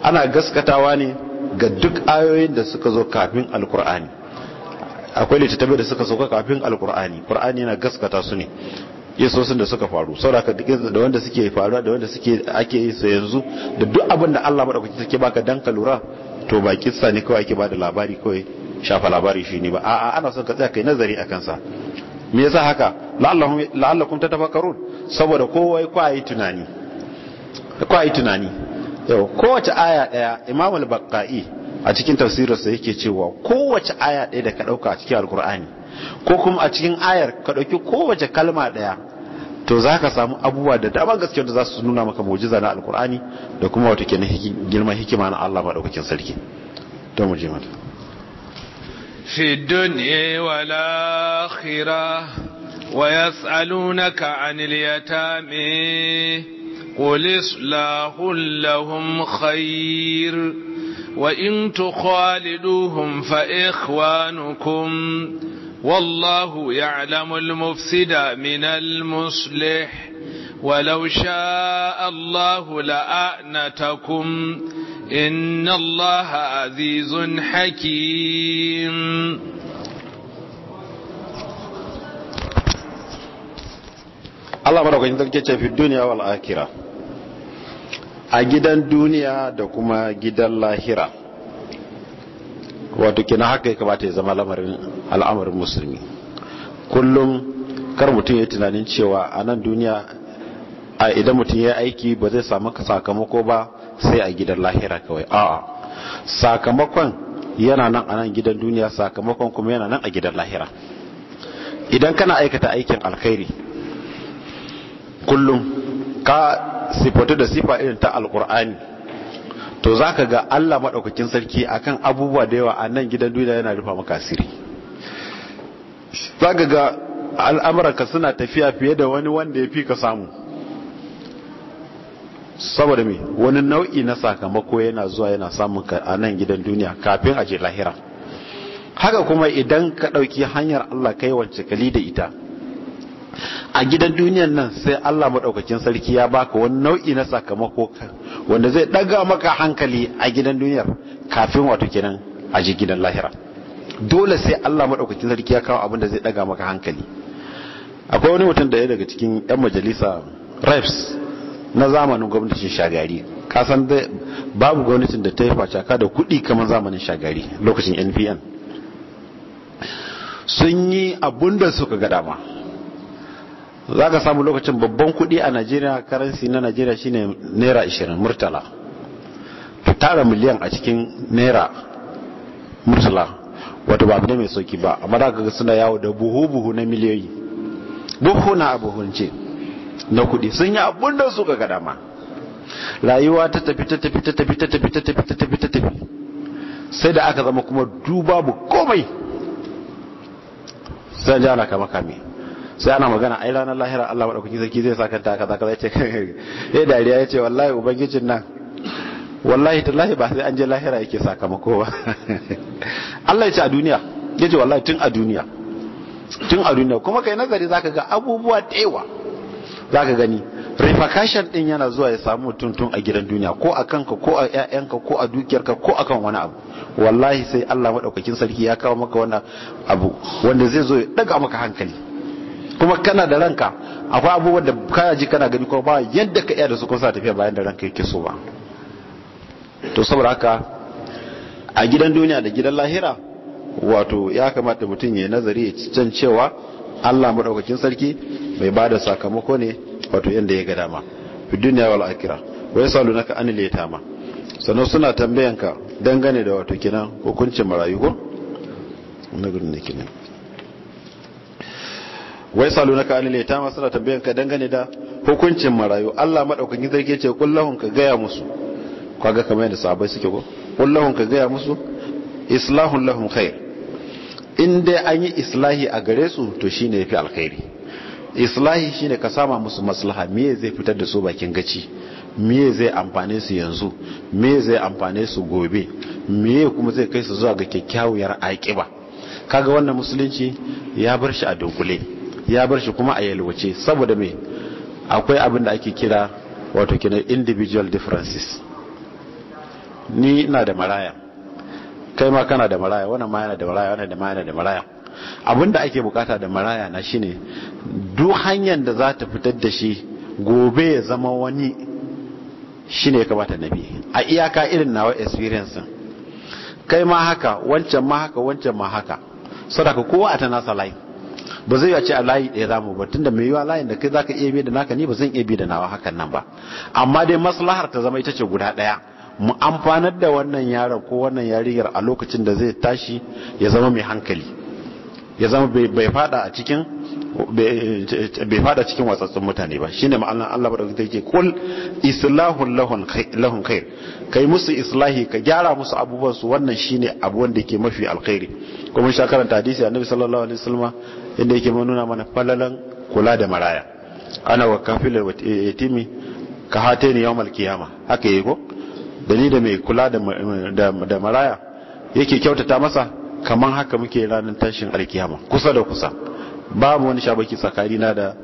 ana gaskatawa ne ga duk ayoyin da suka zo kafin alkur'ani akwai littattafai da suka sauka kafin alkur'ani qur'ani yana gaskata su ne yesosin da suka faru sauraka da wanda suke faruwa da wanda suke ake yi su yanzu da duk abin da Allah madaukaki take baka dan ka lura to ba kissa ne kawai ake ba da labari kawai shafa labari shi ne ba a'a ana son ka tsaya kai nazari a kansa me yasa haka la'allakum tafakkarun saboda kowai ko yi tunani ko yi tunani yau kowace aya daya imam al-baqai a cikin tafsirinsa yake cewa kowace aya daya da ka dauka a cikin alqur'ani ko kuma a cikin ayar ka dauki kowace kalma daya to za ka samu abubuwa da dama gaske da za su nuna maka mujiza na alkur'ani da kuma wata na girman hikima na Allah maɗaukakin sarki to mu je mata fi dunya wal akhirah wa yas'alunaka 'anil yatami قل إصلاح لهم خير وإن تخالدوهم فإخوانكم والله يعلم المفسد من المصلح ولو شاء الله لأعنتكم إن الله عزيز حكيم Allah madaukakin sarki ce fi duniya wal akira a gidan duniya da kuma gidan lahira wato kina haka ya kamata ya zama lamarin al'amarin musulmi kullum kar mutum ya tunanin cewa a nan duniya a idan mutum ya aiki ba zai samu sakamako ba sai a gidan lahira kawai a'a sakamakon yana nan a nan gidan duniya sakamakon kuma yana nan a gidan lahira idan kana aikata aikin alkhairi kullum ka sifatu da sifa irin ta alkur'ani to za ka ga Allah maɗaukakin sarki akan abubuwa da yawa a nan gidan duniya yana rufa maka asiri za ka ga al'amuranka suna tafiya fiye da wani wanda ya fi ka samu saboda me wani nau'i na sakamako yana zuwa yana samun ka a nan gidan duniya kafin a je lahira haka kuma idan ka ɗauki hanyar Allah kai wacce kali da ita a gidan duniyan nan sai Allah maɗaukakin sarki ya baka wani nau'i na sakamako wanda zai daga maka hankali a gidan duniyar kafin wato kenan a gidan lahira dole sai Allah madaukakin sarki ya kawo abin da zai daga maka hankali akwai wani mutum da ya daga cikin yan majalisa reps na zamanin gwamnatin shagari kasan da babu gwamnatin da ta yi facaka da kuɗi kamar zamanin shagari lokacin npn sun yi abunda suka ga dama za ka samu lokacin babban kuɗi a najeriya karansi na najeriya shine naira 20 murtala tara miliyan a cikin naira murtala wato ba ne mai sauki ba amma za ka ga suna yawo da buhu-buhu na miliyoyi buhu na abuhunce na kuɗi sun yi abun da suka ga dama rayuwa ta tafi ta tafi ta tafi ta tafi ta tafi ta tafi ta tafi sai da aka zama kuma duba bu komai sai jana kama kame sai ana magana ai ranar lahira Allah madaukakin sarki zai saka ta kaza kaza yace *laughs* eh dariya yace wallahi ubangijin nan wallahi tallahi ba sai an je lahira yake sakamako ba *laughs* Allah yace a duniya yace wallahi tun a duniya tun a duniya kuma kai nazari zaka ga abubuwa tewa zaka gani repercussion din yana zuwa ya samu mutum tun a gidan duniya ko a kanka ko a ƴaƴanka ko a dukiyarka ko a kan wani abu wallahi sai Allah madaukakin sarki ya kawo maka wannan abu wanda zai zo ya daga maka hankali kuma kana da ranka akwai abubuwan da kaya ji kana gani kuma ba yadda ka iya da su kusa tafiya bayan da ranka yake so ba to saboda haka a gidan duniya da gidan lahira wato ya kamata mutum ya nazari ya can cewa Allah madaukakin sarki mai ba da sakamako ne wato yadda ya ga dama fi duniya wal akira wa yasalunaka anil ma sannan suna tambayanka dangane da wato kenan hukuncin marayu ko na gurin da kenan wai salunaka anil ta ta tambayan ka dangane da hukuncin marayu Allah madaukakin sarki ce kullahun ka gaya musu kaga kamar yadda sahabbai suke ko kullahun ka gaya musu islahun lahum khair in dai an yi islahi a gare su to shine yafi alkhairi islahi shine ka sama musu maslaha me zai fitar da su bakin gaci me zai amfane su yanzu me zai amfane su gobe me kuma zai kai su zuwa ga kyakkyawar aƙiba kaga wannan musulunci ya bar shi a dunkule ya bar shi kuma a yalwace saboda me akwai abin da ake kira wato kina individual differences ni ina da maraya kai ma kana da maraya wannan ma yana da maraya wannan da ma yana da maraya abin da ake bukata da maraya na shine duk hanyar da za ta fitar da shi gobe ya zama wani shine ya kamata na bi a iyaka irin nawa experience kai ma haka wancan ma haka wancan ma haka sadaka kowa a ta nasa layi ba zai ce a layi ɗaya za mu ba tun da mai yiwa layin da kai ka iya bi da naka ni ba zan iya bi da nawa hakan nan ba amma dai maslahar ta zama ita ce guda ɗaya mu amfanar da wannan yaron ko wannan yarinyar a lokacin da zai tashi ya zama mai hankali ya zama bai fada a cikin bai fada cikin watsatsun mutane ba shine ma'anar Allah ba da take kul islahul lahun khair kai musu islahi ka gyara musu abubuwan su wannan shine abu wanda yake mafi alkhairi kuma shi karanta hadisi annabi sallallahu alaihi wasallam yadda yake nuna mana falalan kula da maraya ana wa kafilar yatimi eh, ka hata ni yawmal kiyama haka yi ko da ni da mai kula da maraya yake kyautata masa kaman haka muke ranar tashin alkiyama kusa da kusa babu wani shabaki tsakani na da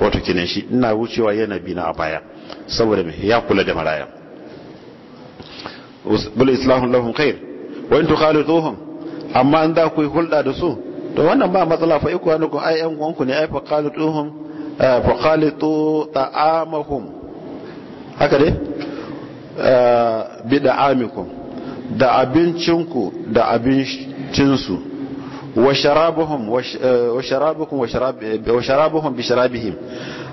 wato kinan shi ina wucewa yana bina a baya saboda mai ya kula da maraya bul islamun lahum khair wa in tukhalituhum amma an za ku yi hulɗa da su to wannan ba matsala fa wani ai yan uwanku ne ai fa qalituhum eh, fa qalitu ta'amahum haka dai eh, bi da'amikum da abincinku da abincinsu wa sharabuhum wa eh, sharabukum wa sharabuhum bi sharabihim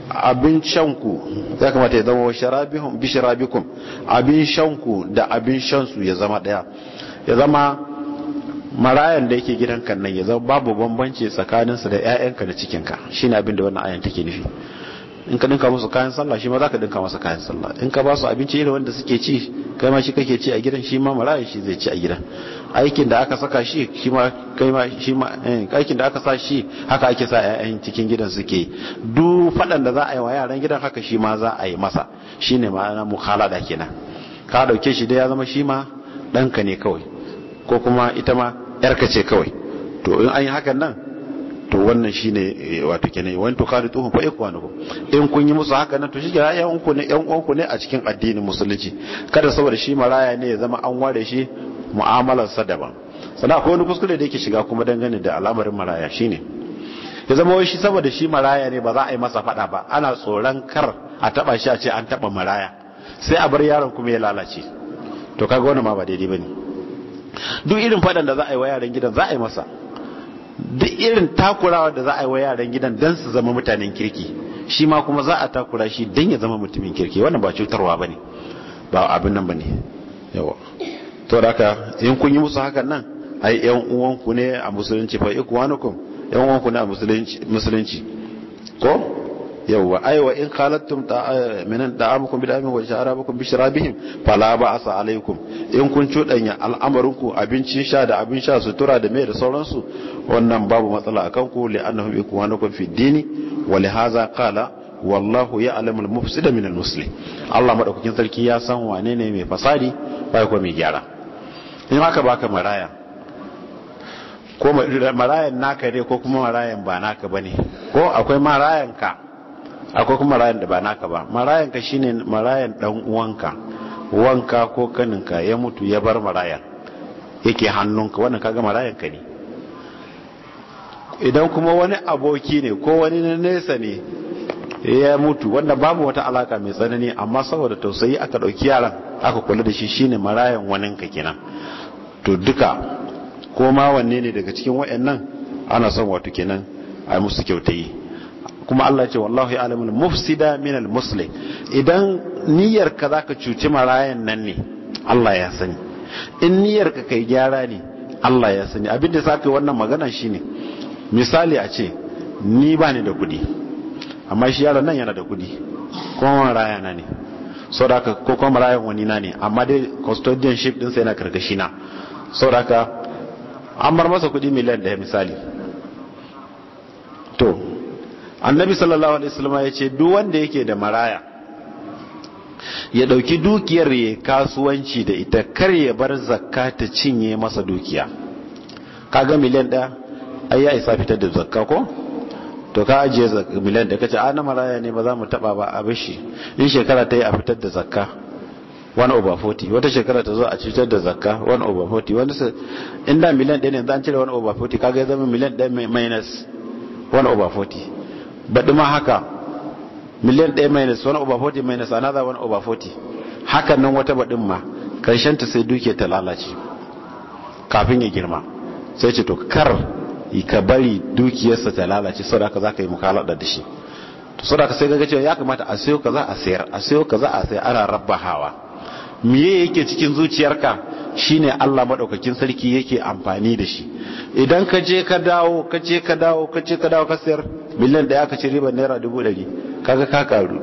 abin shanku ya kamata ya zama wa sharabihum bi sharabikum abin shanku da abin shansu ya zama daya ya zama marayan da yake gidanka nan ya zama babu bambanci tsakaninsa da 'ya'yanka da cikinka shine abin da wannan ayan take nufi in ka dinka musu kayan sallah shi ma za ka dinka masa kayan sallah in ka ba su abinci irin wanda suke ci kai ma shi kake ci a gidan shi ma marayan shi zai ci a gidan aikin da aka saka shi shi ma kai ma shi ma eh, aikin da aka sa shi haka ake sa ƴaƴan cikin gidan suke du fadan da za a yi wa yaran gidan haka shi ma za a yi masa shine ma'ana da kenan ka dauke shi da ya zama shi ma ɗanka ne kawai ko kuma ita ma yarka ce kawai to in an yi hakan nan to wannan shine eh, wato kenan wani to kare tuhun fa ikwanukum in kun yi musu haka nan to shi ya yan uku ne yan uwanku ne a cikin addinin musulunci kada saboda shi maraya ne ya zama an ware shi mu'amalar sa daban sana akwai wani kuskure da yake shiga kuma dangane da al'amarin maraya shine ya zama wai shi saboda shi maraya ne ba za a yi masa fada ba ana tsoron kar a taba shi a ce an taba maraya sai a bar yaron kuma ya lalace to kaga wannan ma ba daidai bane duk irin fadan da za a yi wa yaran gidan za a yi masa duk irin takurawa da za a yi wa yaran gidan don su zama mutanen kirki shi ma kuma za a takura shi don ya zama mutumin kirki wannan ba cutarwa ba ne ba abin nan ba ne yawa to da ka in kun yi musu hakan nan ai yan uwanku ne a musulunci fa ikwanukum yan uwanku ne a musulunci ko yawwa aiwa in qalattum minan da'amukum bid'amin wa sharabakum bishrabihim fala ba'sa alaikum in kun cudanya al'amarinku abincin sha da abin sha sutura da mai da sauransu wannan babu matsala akan ku li'annahum ikwanukum fi dini wa hadha qala wallahu ya'lamul mufsida al muslim Allah madaukakin sarki ya san wane ne mai fasadi bai ko mai gyara in haka baka maraya ko marayan naka ne ko kuma marayan ba naka bane ko akwai marayan ka akwai kuma marayan da ba naka ba marayan ka shine marayan dan uwanka wanka ko kaninka ya mutu ya bar marayan yake hannunka wannan kaga marayan ka ne idan kuma wani aboki ne ko wani na nesa ne ya mutu wanda babu wata alaka mai tsanani amma saboda tausayi aka dauki yaran aka kula da shi shine marayan waninka kenan to duka ko ma wanne ne daga cikin wayannan ana son wato kenan a musu kyautayi kuma Allah ce wallahi alamin mufsida minal muslih idan niyyar ka zaka cuci marayan nan ne Allah ya sani in niyyar ka kai gyara ne Allah ya sani abin da saka wannan magana shine misali a ce ni ba ni da kudi amma shi yaron nan yana da kudi kuma raya na ne da ka ko kuma marayan wani na ne amma dai custodianship din sai na karkashi na ka an bar masa kudi miliyan ɗaya misali to annabi sallallahu alaihi wasallam ya ce duk wanda yake da maraya ya dauki dukiyar ya kasuwanci da ita kar ya bar zakka ta cinye masa dukiya kaga miliyan da ai ya isa fitar da zakka ko to ka ajiye miliyan da kace a na maraya ne ba za mu taba ba a bishi in shekara ta yi a fitar da zakka 1 over 40 wata shekara ta zo a cutar da zakka 1 over 40 wani su inda miliyan ɗaya ne za an cire 1 over 40 kaga ya zama miliyan ɗaya minus 1 over 40 baɗi ma haka miliyan ɗaya minus wani over Forty minus another one over Forty hakan nan wata baɗin ma karshen ta sai duke ta lalace kafin ya girma sai ce to kar ka bari dukiyarsa ta lalace sau da haka za ka yi mukala da shi to sau da haka sai gaga cewa ya kamata a sayo za a sayar a sayo za a sayar ana rabba hawa miye yake cikin zuciyarka shine Allah madaukakin sarki yake amfani da shi idan ka je ka dawo ka je ka dawo ka je ka dawo ka sayar miliyan da aka ci riba naira dubu ɗari kaga ka karu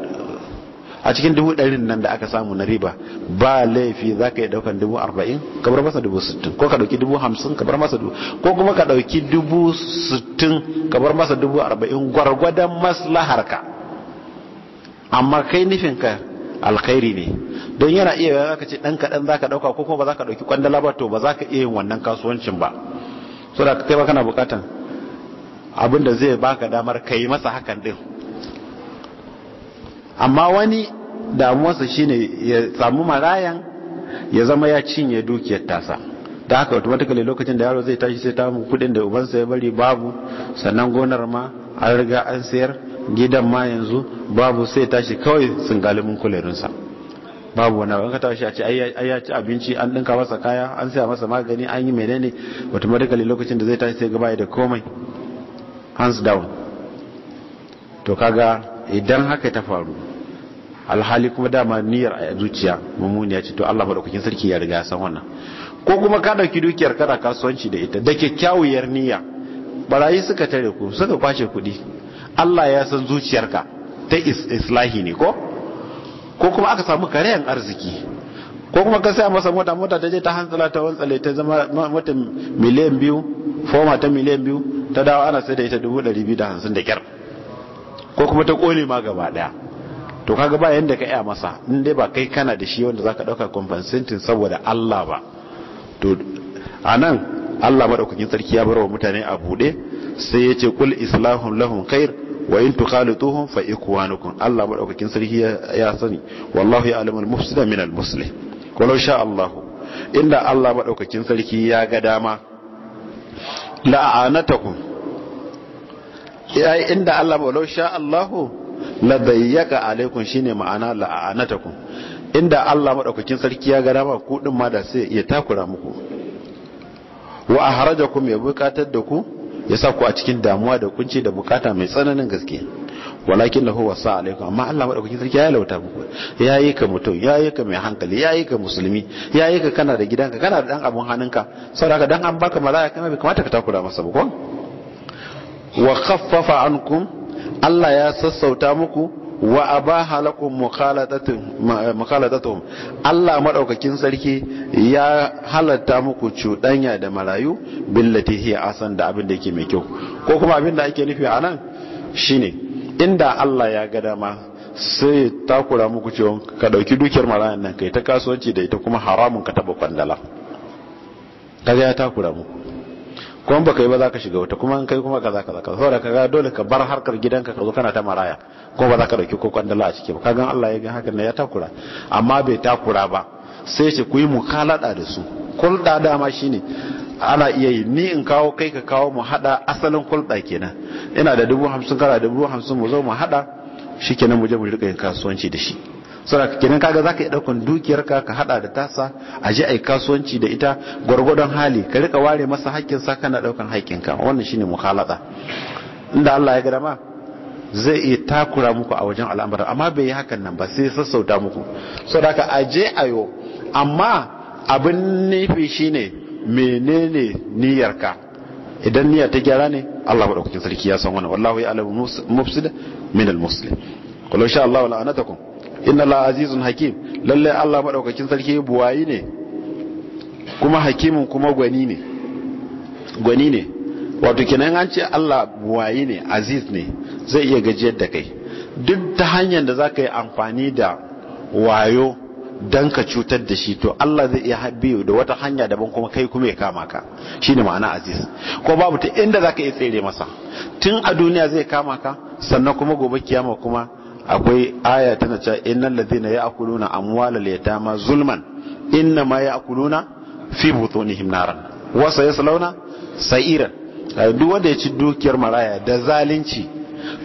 a cikin dubu ɗarin nan da aka samu na riba ba laifi za ka yi ɗaukan dubu arba'in ka bar masa dubu sittin ko ka ɗauki dubu hamsin ka bar masa dubu ko kuma ka ɗauki dubu sittin ka bar masa dubu arba'in gwargwadon maslaharka amma kai nufinka alkhairi ne don yana iya yawa ka ce dan dan zaka ɗauka ko kuma ba ka dauki kwandala ba to ba ka iya yin wannan kasuwancin ba so ka kai ba kana bukatan abin da zai baka damar kai masa hakan din amma wani damuwarsa shine ya samu marayan ya zama ya cinye dukiyar tasa da haka automatically lokacin da yaro zai tashi sai ta mu kudin da ubansa ya bari babu sannan gonar ma an riga an sayar gidan ma yanzu babu sai tashi kawai tsingalin kulerinsa babu wani abin ka tashi a ce ci abinci an dinka masa kaya an saya masa magani an yi menene automatically lokacin da zai tashi sai gaba da komai hands down to kaga idan haka ta faru alhali kuma dama niyyar a zuciya mummuniya ce to Allah madaukakin sarki ya riga san wannan ko kuma ka dauki dukiyar kada kasuwanci da ita da kyakkyawar niyya barayi suka tare ku suka kwace kuɗi Allah ya san zuciyarka ta islahi ne ko ko kuma aka samu karayan arziki ko kuma ka saya masa mota mota ta je ta hanzala ta wantsale ta zama mota miliyan biyu foma ta miliyan biyu ta dawo ana sai da ita dubu ɗari biyu da hamsin da kyar ko kuma ta ƙone ma gaba ɗaya to kaga ba yanda ka iya masa in dai ba kai kana da shi wanda zaka ɗauka compensating saboda Allah ba to anan Allah madaukakin sarki ya bar wa mutane a bude sai ya ce kul islahum lahum khair wa in tukhalituhum fa ikwanukum Allah madaukakin sarki ya sani wallahu ya'lamu al-mufsida min al-muslih walau sha Allah inda Allah madaukakin sarki ya ga dama la'anatukum yayi inda Allah walau sha Allah la dayyaka alaikum shine ma'ana la'anatukum inda Allah madaukakin sarki ya ga dama ku din ma da sai ya takura muku wa ahrajakum ya bukatar da ku ya sa ku a cikin damuwa da kunci da bukata mai tsananin gaske walakin lahu sa alaikum amma Allah madaukakin sarki ya lauta muku ya yi ka mutum ya yi ka mai hankali ya yi ka musulmi ya yi ka kana da gidanka kana da dan abun hannunka saboda dan an baka malaya kana bai kamata ka takura masa ba ko wa khaffafa ankum Allah ya sassauta muku wa abaha lakum mukhalatatuhum Allah maɗaukakin sarki ya halatta muku cuɗanya da marayu billati hiya asan da abin da yake mai kyau ko kuma abin da ake nufi a nan shine inda Allah ya ga dama sai takura muku cewa ka ɗauki dukiyar marayan nan kai ta kasuwanci da ita kuma haramun ka taba kwandala kaga ya takura muku kuma baka yi ba za ka shiga wata kuma kai kuma kaza kaza kaza saboda kaga dole ka bar harkar gidanka ka zo kana ta maraya kuma ba za ka dauki ko kwandala a ciki ba kaga Allah ya ga hakan ne ya takura amma bai takura ba sai ce ku yi mukalada da su kulda dama shine ana iya yi ni in kawo kai ka kawo mu hada asalin kulda kenan ina da dubu hamsin kana da dubu hamsin mu zo mu hada shikenan mu je mu rika yin kasuwanci da shi saboda kenan kaga zaka iya daukan dukiyarka ka hada da tasa a je ai kasuwanci da ita gwargwadon hali ka rika ware masa hakkin sa kana daukan hakkin ka wannan shine mukhalata inda Allah ya ga dama zai iya takura muku a wajen al'amara amma bai yi hakan nan ba sai sassauta muku saboda ka je ayo amma abin nufi shine menene ka idan niyyar ta gyara ne Allah madaukakin sarki ya san wannan wallahi ya alamu mufsida min al-muslim kullu insha Allah anatakum inna la azizun hakim lalle Allah madaukakin sarki buwayi ne kuma hakimin kuma gwani ne gwani ne wato kenan an ce Allah buwayi ne aziz ne zai iya gajiyar da kai duk ta hanyar da zaka yi amfani da wayo dan ka cutar da shi to Allah zai iya biyu da wata hanya daban kuma kai kuma ya kama ka shine ma'ana aziz ko babu ta inda zaka iya tsere masa tun a duniya zai kama ka sannan kuma gobe kiyama kuma akwai aya tana cewa innal ladina ya'kuluna amwalal yatama zulman inna ma ya'kuluna fi butunihim naran wa sayaslawna sa'iran duk wanda ya ci dukiyar maraya da zalunci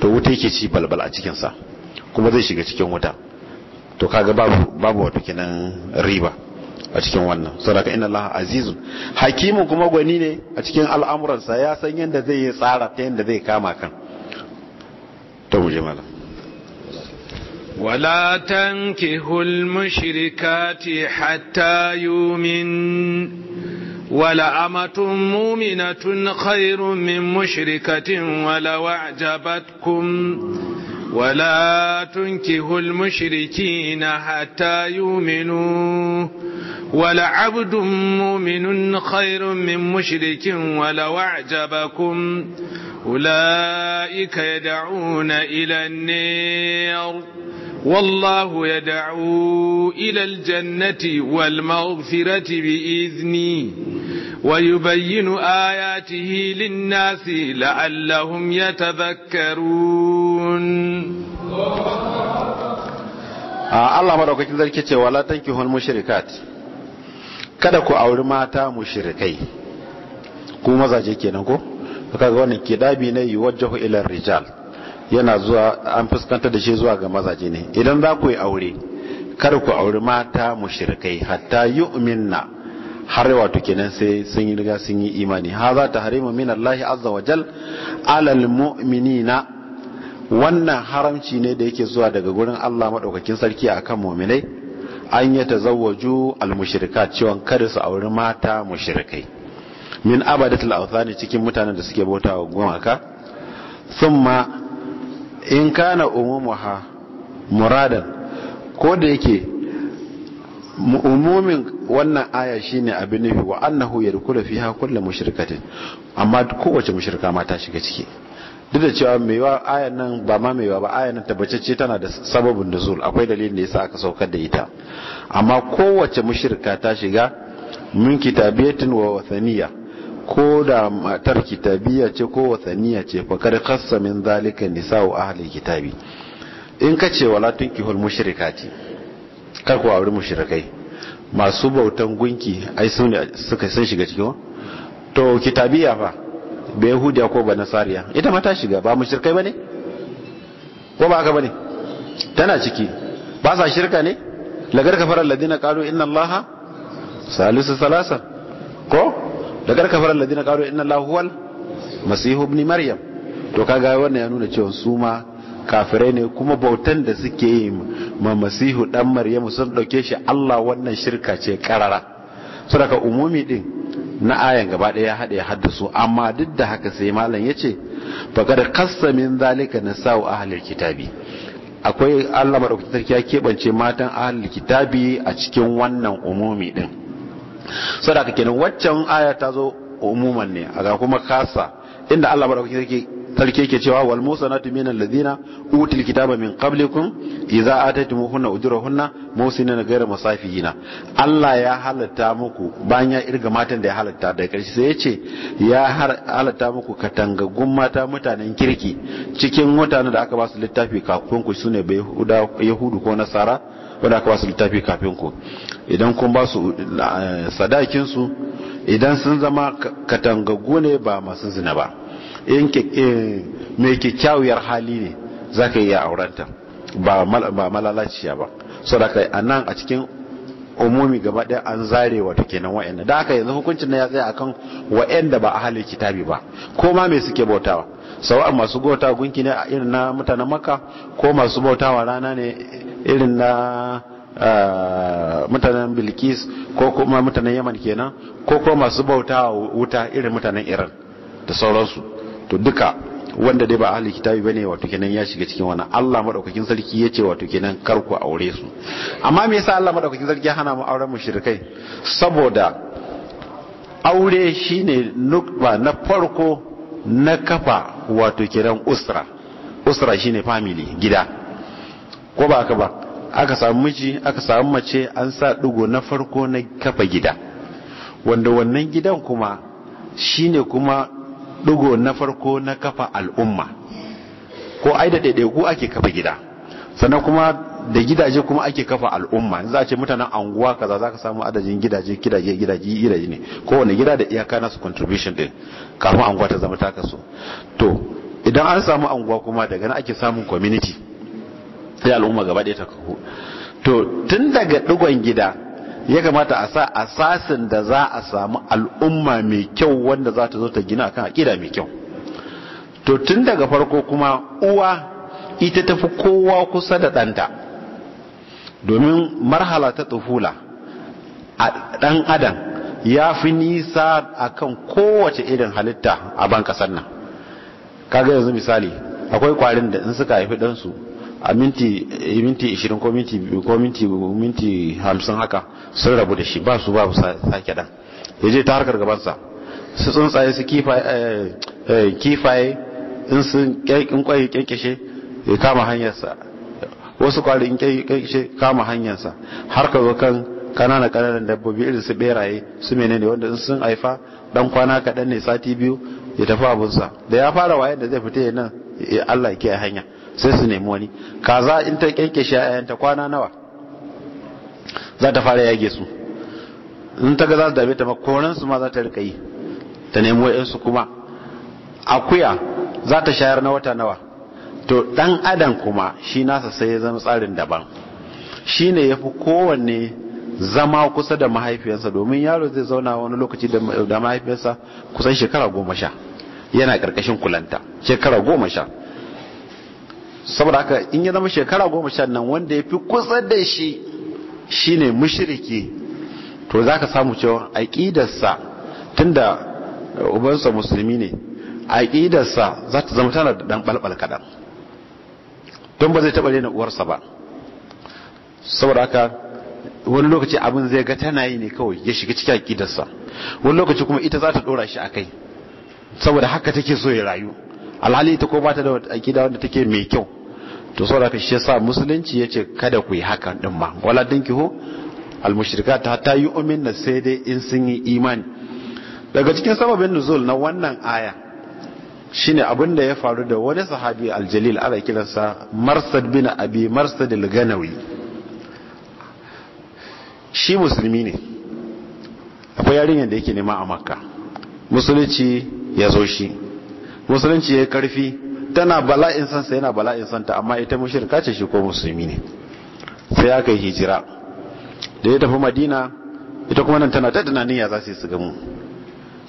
to wuta yake ci balbal a cikin sa kuma zai shiga cikin wuta to kaga babu babu wato kenan riba a cikin wannan sadaka inna allaha azizun hakimin kuma gwani ne a cikin al'amuransa ya san yadda zai yi tsara ta yanda zai kama kan ta muje ولا تنكه المشركات حتى يؤمن ولأمة مؤمنة خير من مشركة ولو أعجبتكم ولا تنكه المشركين حتى يؤمنوا ولعبد مؤمن خير من مشرك ولو أعجبكم أولئك يدعون إلى النار والله يدعو إلى الجنة والمغفرة بإذني ويبين آياته للناس لعلهم يتذكرون Allah madaukakin zarki ce wala tankihul mushrikat kada ku auri mata mushrikai ku mazaje kenan ko kaga wannan kidabi ne yuwajjahu ila rijal yana zuwa an fuskantar da shi zuwa ga mazaje ne idan za ku yi aure kar ku auri mata mushrikai hatta yu'minna har wato kenan sai sun yi riga sun yi imani ha za ta harima min Allah azza wa jal alal mu'minina wannan haramci ne da yake zuwa daga gurin Allah madaukakin sarki akan mu'minai an ya tazawwaju al mushrikat cewa kada su auri mata mushrikai min abadatul awthani cikin mutanen da suke bautawa gumaka thumma in kana umumuha muradan ko da yake umumin wannan aya shine abin nufi wa annahu yarkula fiha kullu mushrikatin amma kowace mushrika ma ta shiga ciki duk da cewa mai wa ayan nan ba ma mai wa ba ayan nan tabbacacce tana da sababin nuzul akwai dalilin da yasa aka saukar da ita amma kowace mushrika ta shiga min kitabiyatin wa wathaniyah ko da matar kitabiya ce ko wasaniya ce fakar khassa min zalika wa ahli kitabi in ka ce wala tunkihul mushrikati kar ku aure mushrikai masu bautan gunki ai su ne suka sun shiga cikin to kitabiya fa ba yahudiya ko ba nasariya ita ma ta shiga ba mushrikai bane ko ba ba bane tana ciki ba sa shirka ne lagar kafarar ladina qalu inna allaha salisu salasa ko da karkafar alladina qalu inna allaha huwal masihu ibn maryam to kaga wannan ya nuna cewa su ma kafirai ne kuma bautan da suke yi ma masihu dan maryam sun ɗauke shi Allah wannan shirka ce karara daga umumi din na ayan gaba daya ya hade ya haddasu amma duk da haka sai malam yace faqad qassa min zalika nasau halin kitabi akwai Allah madaukakin sarki ya kebance matan halin kitabi a cikin wannan umumi din sadaka kenan waccan aya ta zo umuman ne ga kuma kasa inda Allah madaukakin sarki sarki yake cewa wal musanatu minal ladina util kitaba min qablikum idza ataytumuhunna ujurahunna musinina ghayra na. Allah ya halatta muku bayan ya irga matan da ya halatta da karshe sai yace ya halatta muku katangagun mata mutanen kirki cikin mutanen da aka ba su littafi kafin ku sune bai yahudu ko nasara wanda aka ba su littafi kafin ku idan kun ba su eh, sadakin su idan sun zama katangaggu ne ba masu zina ba in eh, mai kyakkyawar hali ne za ka iya aurenta ba malalaciya ba so da kai anan a cikin umumi gaba ɗaya an zare wata kenan wa'anda da aka yanzu hukuncin na ya tsaye akan wa'anda ba a halin kitabi ba ko ma mai suke bautawa sawa masu bauta gunki ne a irin na mutanen makka ko masu bauta wa rana ne irin na mutanen bilkis ko kuma mutanen yaman kenan ko kuma masu bauta wuta irin mutanen iran da sauransu to duka wanda dai ba a ta kitabi bane wato kenan ya shiga cikin wani Allah maɗaukakin sarki ya ce wato kenan kar ku aure su amma me yasa Allah maɗaukakin sarki ya hana mu auren mushrikai saboda aure shine nukba na farko na kafa wato kiran usra usra shine family gida ko ba aka ba aka samu miji aka samu mace an sa dugo na farko na kafa gida wanda wannan gidan kuma shine kuma dugo na farko na kafa al'umma ko ai da ake kafa gida sannan kuma da gidaje kuma ake kafa al'umma za a ce mutanen anguwa kaza za ka samu adadin gidaje gidaje gidaje gidaje ne kowane gida da iyaka nasu contribution din kafin anguwa ta zama taka su to idan an samu anguwa kuma daga na ake samun community sai al'umma gaba ɗaya ta kahu to tun daga digon gida ya kamata a sa asasin da za a samu al'umma mai kyau wanda za ta zo ta gina kan aƙida mai kyau to tun daga farko kuma uwa ita tafi kowa kusa da ɗanta domin marhala ta tsuhula a ɗan adam ya fi nisa a kan kowace irin halitta a ban ƙasar nan kaga yanzu misali akwai kwarin da in suka haifi ɗansu a minti 20 eh, ko minti minti 50 haka sun rabu da shi ba su ba sake ɗan ya je ta harkar gabansa su tsuntsaye su kifaye eh, eh, in sun kyankwai kyankyashe ya kama hanyarsa wasu in kai kama hanyarsa har ka zo kan kanana kananan dabbobi irin su beraye su menene wanda in sun haifa dan kwana kaɗan ne sati biyu ya tafi abunsa da ya fara wayan da zai fita nan Allah ke hanya sai su nemi wani kaza in ta kyanke shi ta kwana nawa za ta fara yage su in ta ga za su dabe ta makonan su ma za ta rika yi ta nemi wayansu kuma akuya za ta shayar na wata nawa to dan adam kuma shi nasa sai ya zama tsarin daban shi ne ya fi kowanne zama kusa da mahaifiyarsa domin yaro zai zauna wani lokaci da mahaifiyarsa kusan shekara goma sha yana ƙarƙashin kulanta shekara goma sha saboda haka in ya zama shekara goma sha nan wanda ya fi kusa da shi shine mushiriki to za ka samu cewa aƙidarsa tunda ubansa musulmi ne aƙidarsa za ta zama tana da ɗan ɓalɓal kaɗan don ba zai taɓa rena uwarsa ba saboda haka wani lokaci abin zai ga tana yi ne kawai ya shiga cikin aƙidarsa wani lokaci kuma ita za ta ɗora shi a kai saboda haka take so ya rayu alhali ita ko ba ta da aƙida wanda take mai kyau to saboda haka shi yasa musulunci ya ce kada ku yi hakan ɗin ma wala ta yi hatta na sai dai in sun yi imani daga cikin sababin nuzul na wannan aya shine abin da ya faru da wani sahabi aljalil ana kiransa marsad bin abi marsad al-ganawi shi musulmi ne akwai yarinyar da yake nema a makka musulunci ya zo shi musulunci ya karfi tana bala'in sansa yana bala'in santa amma ita shirka ce shi ko musulmi ne sai aka yi hijira da ya tafi madina ita kuma nan tana ta tunanin ya za su yi su gamu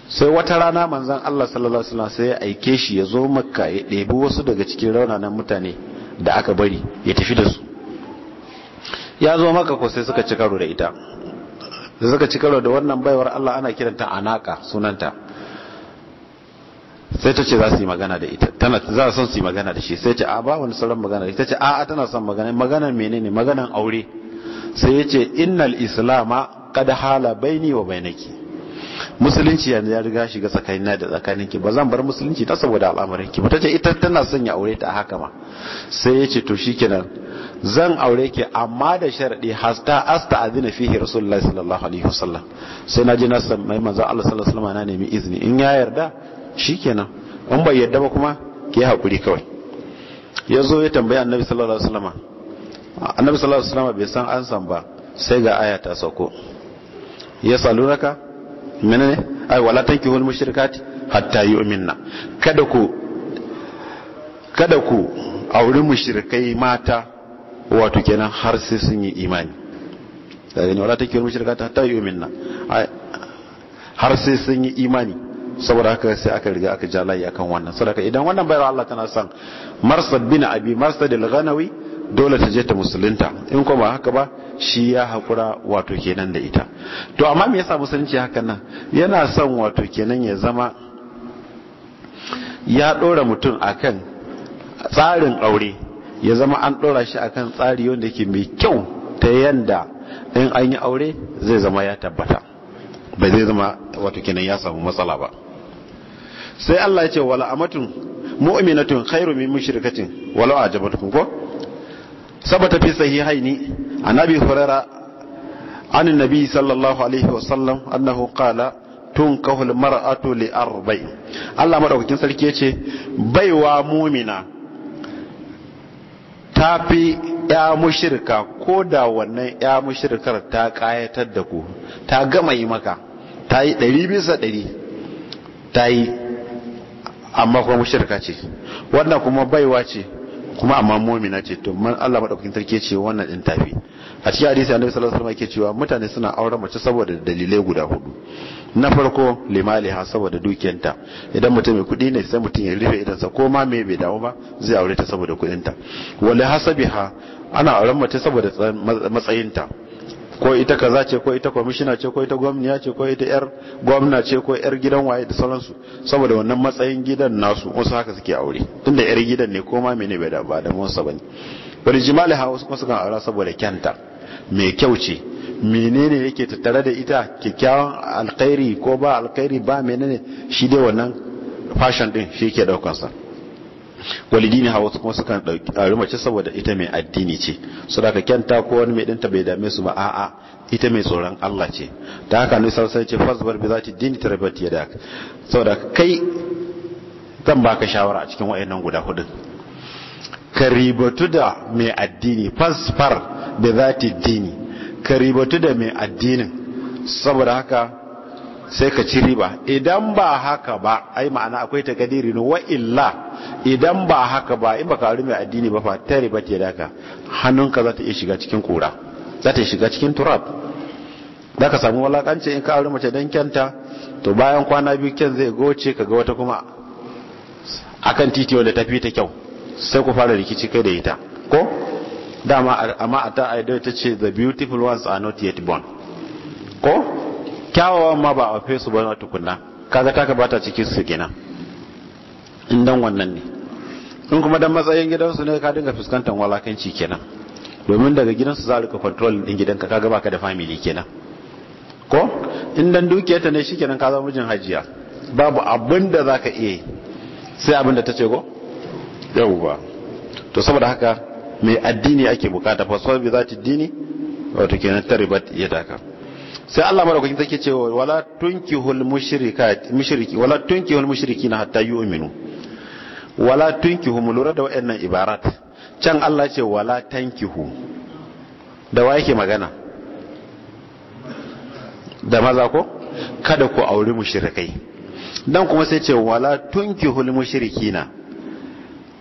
sai wata rana manzan Allah sallallahu alaihi wasallam sai ya aike shi ya zo makka ya ɗebi wasu daga cikin raunanan mutane da aka bari ya tafi da su ya zo maka ko sai suka ci karo da ita da suka ci karo da wannan baiwar Allah ana kiranta anaka sunanta sai ta ce za su yi magana da ita tana za son su yi magana da shi sai ce a ba wani sauran magana da ita ce a a tana son magana maganan menene maganan aure sai ya ce innal islama qad hala baini wa bainaki musulunci yanzu ya riga shiga tsakanina da tsakanin ki ba zan bar musulunci ta saboda al'amarin ki ba ce ita tana son ya aure ta haka ma sai ya ce to shikenan zan aure ki amma da sharadi hasta asta azina fihi rasulullah sallallahu alaihi wasallam sai na ji na san mai manzo Allah sallallahu alaihi wasallam na nemi izini in ya yarda shikenan in bai yarda ba kuma ki hakuri kawai yazo ya tambaya annabi sallallahu alaihi wasallam annabi sallallahu alaihi wasallam bai san an san ba sai ga aya ta sauko ya salunaka menene ai wala hul mushrikati hatta yu'minna kada ku kada ku auri mushrikai mata wato kenan har sai sun yi imani daga ne wala hul mushrikati hatta yu'minna har sai sun yi imani saboda haka sai aka riga aka ja layi akan wannan saboda idan wannan bayar Allah tana son marsad bin abi marsad al-ghanawi dole ta je ta musulunta in kuma haka ba shi ya haƙura wato kenan da ita to amma me yasa musulunci hakan nan yana son wato kenan ya zama ya ɗora mutum akan tsarin aure ya zama an ɗora shi akan tsari wanda yake mai kyau ta yanda in an yi aure zai zama ya tabbata ba zai zama wato kenan ya samu matsala ba sai Allah ya ce wala amatun mu'minatun khairu min mushrikatin walau ajabatukum ko sabata fi sahihaini an abi hurara an nabi sallallahu alaihi wasallam annahu qala kahul mar'atu li arba'i Allah madaukakin sarki yace baiwa mumina tafi ya mushirka ko da wannan ya mushirkar ta kayatar da ku ta gama yi maka ta yi ɗari bisa ɗari ta yi amma kuma mushirka ce wannan kuma baiwa ce kuma amma mu'mina ce to man Allah madaukakin sarki ce wannan din tafi a cikin hadisi annabi sallallahu alaihi wasallam yake cewa mutane suna aure mace saboda dalilai guda hudu na farko ha saboda dukiyanta idan mutum mai kuɗi ne sai mutum ya rufe idan sa ko ma mai bai damu ba zai aure ta saboda kuɗinta wala hasabiha ana auren mace saboda matsayinta ko ita kaza ce ko ita kwamishina ce ko ita gwamniya ce ko ita yar gwamna ce ko yar gidan waye da sauransu saboda wannan matsayin gidan nasu wasu haka suke aure tunda yar gidan ne ko ma mene bai da ba da wansa bane bari jimali ha wasu kuma sukan aura saboda kyanta mai kyau ce menene yake tattare da ita kyakkyawan alkhairi ko ba alkhairi ba menene shi dai wannan fashion din shi yake daukar walidini hawa su kuma sukan ɗauki mace saboda ita mai addini ce su da kyanta ko wani mai ɗinta bai dame su ba a'a ita mai tsoron Allah ce ta haka ne sai ce fasbar bi zati dini tarbat yadak saboda kai zan baka shawara a cikin wayannan guda hudun ka ribatu da mai addini fasfar bi zati dini ka ribatu da mai addinin saboda haka sai ka ci riba idan ba haka ba ai ma'ana akwai takadiri no wa illa idan ba haka ba in baka aure mai addini ba fa ta riba ke daka hannunka za ta iya shiga cikin kura za ta shiga cikin turab da ka samu walakanci in ka aure mace dan kyanta to bayan kwana biyu kyan zai goce ka ga wata kuma akan titi wanda fi ta kyau sai ku fara rikici kai da ita ko dama amma a ta ta ce the beautiful ones are not yet born ko kyawawan ma ba a fe su ba na tukunna kaga taka bata cikin su kenan in dan wannan ne in kuma dan matsayin gidansu ne ka dinga fuskantar walakanci kenan domin daga gidansu za a rika control din gidanka kaga baka da family kenan ko in dan ta ne shikenan ka zama mijin hajiya babu abin da zaka iya sai abin da ta ce ko ba. to saboda haka mai addini ake bukata fa sabi zati dini wato kenan taribat ya daka sai Allah madaukakin take cewa wala tunkihul mushrikat mushriki wala tunkihul na hatta yu'minu wala tunkihu lura da waɗannan ibarat can Allah ce wala tankihu da wa yake magana da maza ko kada ku auri mushrikai dan kuma sai ce wala tunkihul na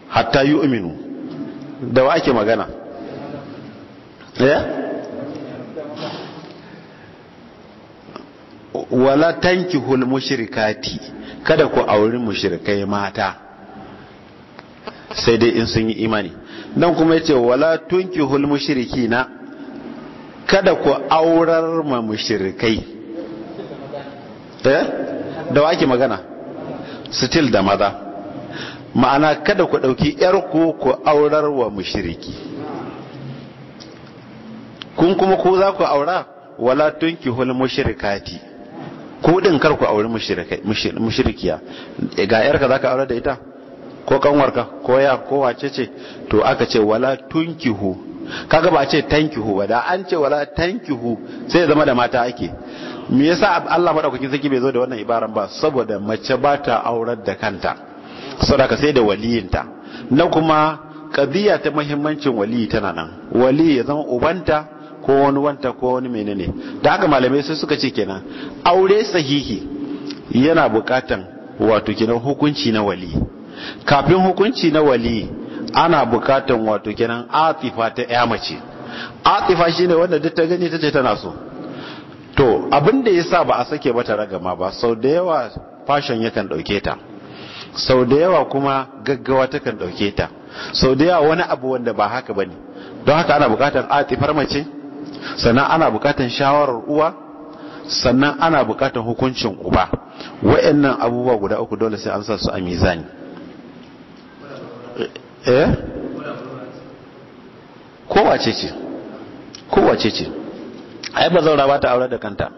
hatta yu'minu da wa yake magana eh wala tankihul mushrikati kada ku auri mushrikai mata sai dai in sun yi imani dan kuma yace wala tunkihul mushrikina kada ku aurar ma mushrikai eh da wake magana still da maza ma'ana kada ku dauki yar ku ku aurar wa mushriki kun kuma ku za ku aura wala tunkihul mushrikati ku din kar ku auri mushirikiya ga yarka ka aure da ita ko kanwarka ko ya ko wace ce to aka ce wala tunkihu kaga ba ce tankihu ba da an ce wala tankihu sai zama da mata ake me yasa Allah madaukakin saki bai zo da wannan ibaran ba saboda mace ba ta aurar da kanta saboda sai da waliyinta na kuma kadiya ta muhimmancin waliyi tana nan waliyi ya zama ubanta ko wani wanta ko wani menene da haka malamai sai suka ce kenan aure sahihi yana bukatan wato kenan hukunci na wali kafin hukunci na wali ana bukatan wato kenan atifa ta ya mace atifa shine wanda duk ta gani tace tana so to abin da yasa ba a sake bata ragama ba sau da yawa fashon yakan dauke ta sau da yawa kuma gaggawa takan dauke ta sau da yawa wani abu wanda ba haka bane don haka ana bukatar atifar mace sannan ana bukatan shawarar uwa sannan ana bukatan hukuncin uba wa'annan abubuwa guda uku dole sai an sa su a mizani eh, eh? kowace ce kowace ce ai ba zaura ba ta aure da kanta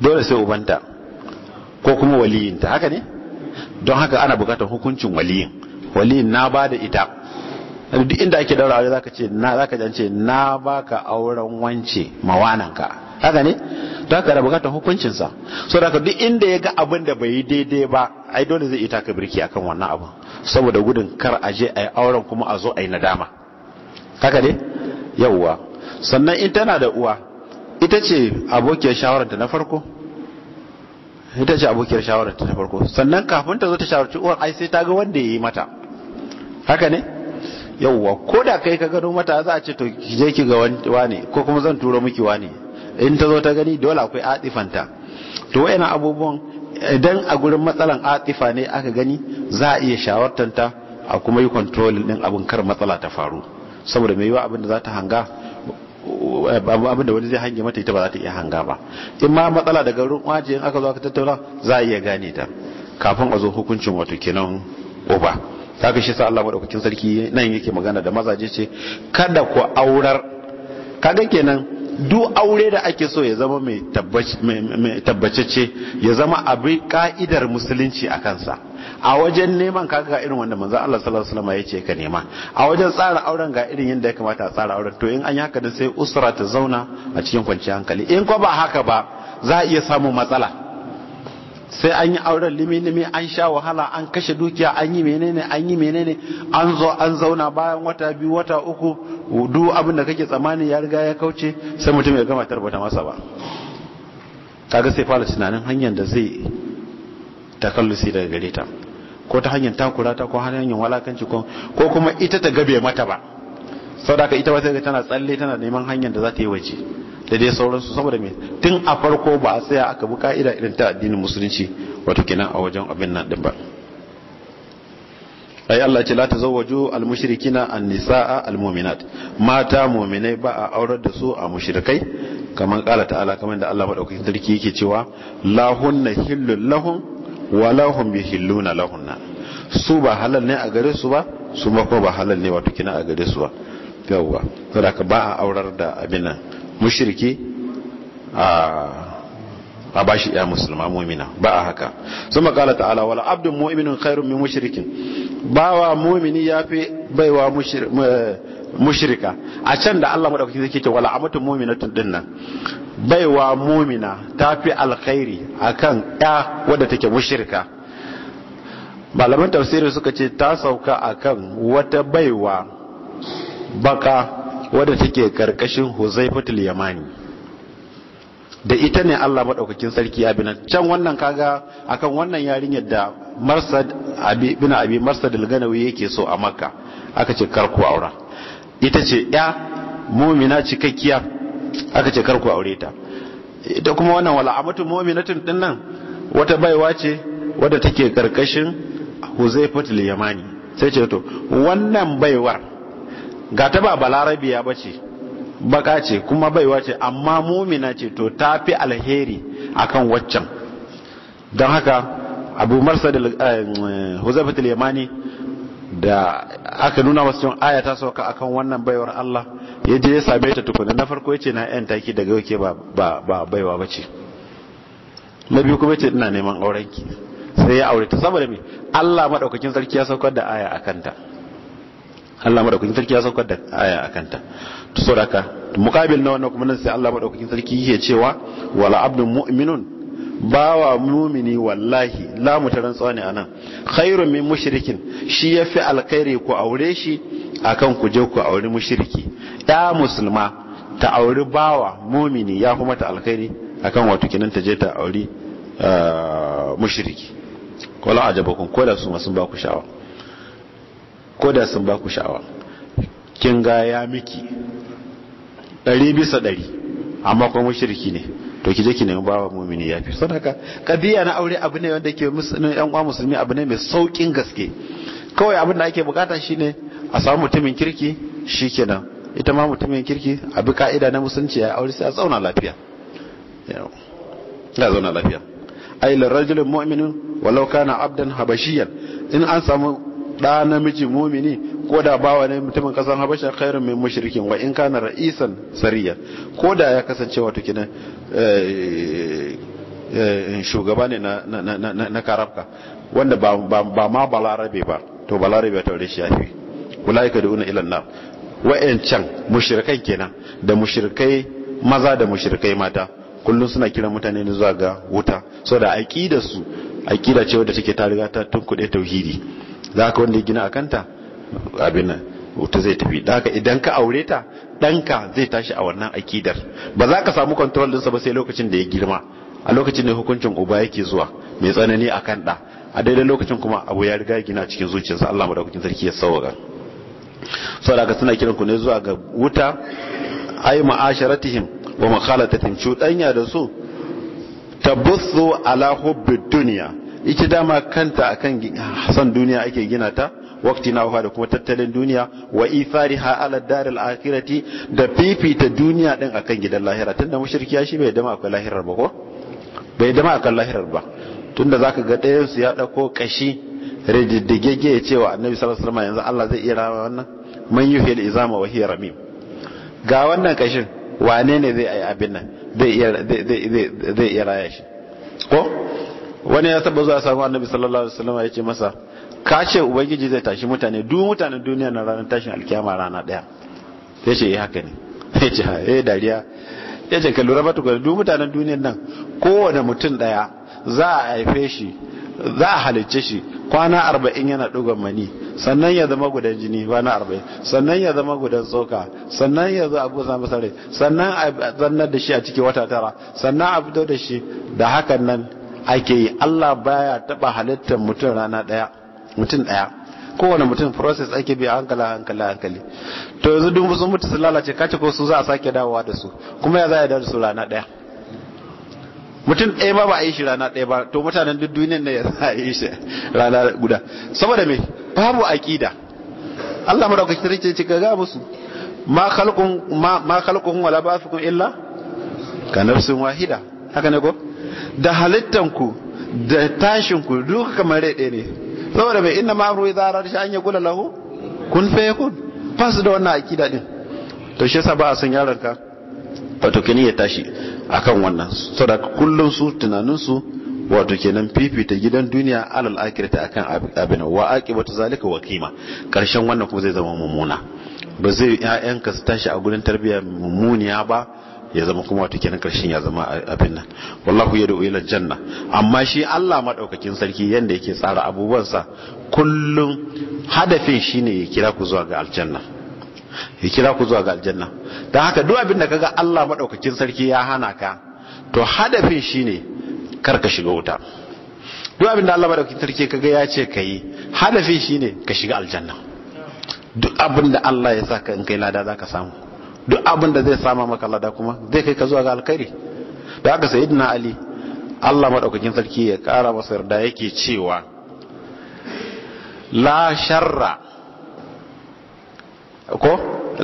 dole sai ubanta ko kuma waliyinta haka ne don haka ana bukatar hukuncin waliyin waliyin na ba da ita duk inda ake daura aure zaka ce na zaka ce na baka auren wance mawananka haka ne to haka da bukatar hukuncin sa so da duk inda ya ga abin da bai yi daidai ba ai dole zai ita ka birki akan wannan abu saboda gudun kar a je ai auren kuma a zo ai nadama haka ne yawwa sannan in tana da uwa ita ce abokiyar shawararta na farko ita ce abokiyar shawararta na farko sannan kafin ta zo ta shawarci uwar ai sai ta ga wanda ya yi mata haka ne yauwa ko da kai ka gano mata za a ce to ki je ki ga wani ko kuma zan tura miki wani in ta zo ta gani dole akwai atifanta to waina abubuwan idan a gurin matsalan atifa ne aka gani za a iya shawartanta a kuma yi controlling din abin kar matsala ta faru saboda mai yiwa abin da za ta hanga abin da wani zai hange mata ita ba za ta iya hanga ba in ma matsala daga ruwan wajen in aka zo aka tattauna za a iya gane ta kafin a zo hukuncin wato kenan uba kaga shi sa Allah madaukakin sarki nan yake magana da mazaje ce kada ku aurar kaga kenan duk aure da ake so ya zama mai tabbacece ya zama abin ka'idar musulunci a kansa a wajen neman kaga ga irin wanda manzon Allah sallallahu alaihi wasallam yace ka nema a wajen tsara auren ga irin yadda ya kamata a tsara auren to in an yi haka da sai usra ta zauna a cikin kwanciyar hankali in ko ba haka ba za a iya samun matsala sai an yi auren limi-limi an sha wahala an kashe dukiya an yi menene an yi menene an zo an zauna bayan wata biyu wata uku duk abin da kake tsammani ya riga ya kauce sai mutum ya gama tarbata masa ba kaga sai fara tunanin hanyar da zai takallusi daga gare ta ko ta hanyar takura ta ko hanyar walakanci ko kuma ita ta gabe mata ba saboda ita ba sai tana tsalle tana neman hanyar da za ta yi waje da dai sauransu saboda me tun a farko ba a tsaya aka bi ka'ida irin ta addinin musulunci wato kenan a wajen abin nan din ba ai Allah ce la tazawwaju mushrikina an-nisaa al mu'minat mata mu'minai ba a aurar da su a mushrikai kaman kala ta'ala kaman da Allah madaukakin sarki yake cewa la hunna hillul lahum wa la hum bihilluna lahunna su ba halal ne a gare su ba su ma ko ba halal ne wato kina a gare su ba yawwa saboda ba a aurar da abin nan mushriki a ba shi ya musulma mumina ba a haka sun makala ta'ala wala abdun mu'minin khairun min mushrikin bawa mumini ya fi baiwa mushrika a can da Allah madaukaki zai ce wala amatu mu'minatun din nan baiwa mumina ta fi alkhairi akan ya wadda take mushrika malaman tafsiri suka ce ta sauka akan wata baiwa baka wadda take karkashin huzaifatul yamani da ita ne Allah maɗaukakin sarki abinan can wannan kaga akan wannan yarinyar da marsad bin abi marsad al-ganawi yake so a makka aka ce karku aura ita ce ya mumina cikakkiya aka ce karku aure ta ita kuma wannan wala amatu mu'minatin din nan wata baiwa ce wadda take karkashin huzaifatul yamani sai ce to wannan baiwar ga ta ba balarabiya ba ce baka ce kuma baiwa ce amma mumina ce to ta fi alheri akan waccan don haka abu marsa da eh, huzafatul yamani da aka nuna masu cewa aya ta sauka akan wannan baiwar Allah ya je ya same ta tukuna na farko ya ce na yan taki daga yake ba baiwa ba ce na biyu kuma ya ce ina neman aurenki sai ya aure ta saboda mai Allah maɗaukakin sarki ya saukar da aya a kanta Allah madaukakin sarki ya saukar da aya akan ta to saboda mukabil na wannan kuma nan sai Allah madaukakin sarki yake cewa wala abdun mu'minun wa mumini wallahi la mutaran tsani anan khairun min mushrikin shi yafi alkhairi ku aure shi akan ku je ku aure mushriki ya musulma ta auri bawa mumini ya kuma ta alkhairi akan wato kinan ta je ta auri ah, mushriki kola ajabakun ko da su masu ba ku sha'awa ko da sun baku sha'awa kin ga ya miki ɗari bisa ɗari amma kuma mushriki ne to ki je ki nemi bawa mumini yafi sadaka kadiya na aure abu ne wanda ke musulmi ɗan uwa musulmi abu ne mai saukin gaske kawai abin da ake bukata shine a samu mutumin kirki shikenan ita ma mutumin kirki a bi ka'ida na musulunci ya aure sai a zauna lafiya ya zauna lafiya ay lirajulin mu'minin walau kana abdan habashiyan in an samu da namiji mumini ko da bawa ne mutumin kasan habasha khairun min mushrikin wa in kana ra'isan sariya ko da ya kasance wato kina eh, eh, shugaba ne na na karabka wanda ba ma balarabe ba to balarabe ta wurin shafi ulaika duuna ila nar can mushrikai kenan da mushrikai maza da mushrikai mata kullum suna kiran mutane ne zuwa ga wuta saboda aqidar su aqida ce wadda take ta riga ta tunkuɗe tauhidi za ka wanda ya gina a kanta abin da wuta zai tafi daga idan ka aure ta ɗanka zai tashi a wannan akidar ba za ka samu kontrol ɗinsa ba sai lokacin da ya girma a lokacin da hukuncin uba yake zuwa mai tsanani a kan ɗa a daidai lokacin kuma abu ya riga gina cikin zuciyarsa Allah madaukakin sarki ya sauka saboda daga suna kiran ku ne zuwa ga wuta ai ma'asharatihim wa makhalatatihim cuɗanya da su tabussu ala hubbi dunya ita dama kanta akan san duniya ake gina ta wakti na da kuma tattalin duniya wa ifari ha ala daril akhirati da fifita duniya din akan gidan lahira tunda mushriki shi bai dama akan lahirar ba ko bai dama akan lahirar ba tunda zaka ga ɗayan su ya dauko kashi rididdigegge ya cewa annabi sallallahu alaihi wasallam yanzu Allah zai iya rawa wannan man yuhil izama wa hiya ramim ga wannan kashin wane ne zai yi abin nan zai iya zai iya raya shi ko wani ya taba zuwa samu annabi sallallahu alaihi wasallam ya ce masa ka ce ubangiji zai tashi mutane duk mutanen duniya na ranar tashin alkiyama rana daya ya ce eh, haka ne *laughs* ya ce eh dariya ya ce ka lura ba tukuna duk mutanen duniyan nan kowane mutum daya za a haife shi za a halicce shi kwana arba'in yana dogon mani sannan ya zama gudan jini kwana arba'in sannan ya zama gudan tsoka sannan ya zo a busa masa rai sannan a zannar da shi a ciki wata tara sannan a fito da shi da hakan nan ake yi Allah baya taba halittar mutum rana daya mutum daya kowane mutum process ake bi a hankali hankali hankali to yanzu duk sun mutu sun lalace kace ko su za a sake dawowa da su kuma ya za a dawo da su rana daya mutum ɗaya ba ba a yi shi rana ɗaya ba to mutanen duk duniyar ne ya za a yi shi rana guda saboda me babu aqida Allah madaukaki sarki ce ga musu ma khalqun ma khalqun wala ba'thukum illa ka nafsin wahida haka ne ko da halittanku da tashinku duka kamar rai ɗaya ne saboda mai inna ma'amru ya zarar shi an ya kula lahu kun fe kun fas da wannan akida daɗin. to shi yasa ba a san yaran ka wato kenan ya tashi akan wannan da kullum su tunanin su wato kenan fifita gidan duniya alal akirta akan abin wa aqibatu zalika wa kima. karshen wannan kuma zai zama mummuna ba zai yayanka su tashi a gurin tarbiyya mummuniya ba ya zama kuma wata kenan karshen ya zama abin nan wallahu yad'u ila janna amma shi Allah madaukakin sarki yanda yake tsara abubuwan sa kullum hadafin shine ya kira ku zuwa ga aljanna ya kira ku zuwa ga aljanna dan haka duk abin da kaga Allah madaukakin sarki ya hana ka to hadafin shine kar ka shiga wuta duk abin da Allah madaukakin sarki kaga ya ce kai hadafin shine ka shiga aljanna duk abin da Allah ya saka in kai lada zaka samu duk abin da zai sama maka lada kuma zai kai ka zuwa ga alkhairi da aka sayi sayyidina ali Allah maɗaukakin sarki ya kara masa yarda yake cewa la sharra ko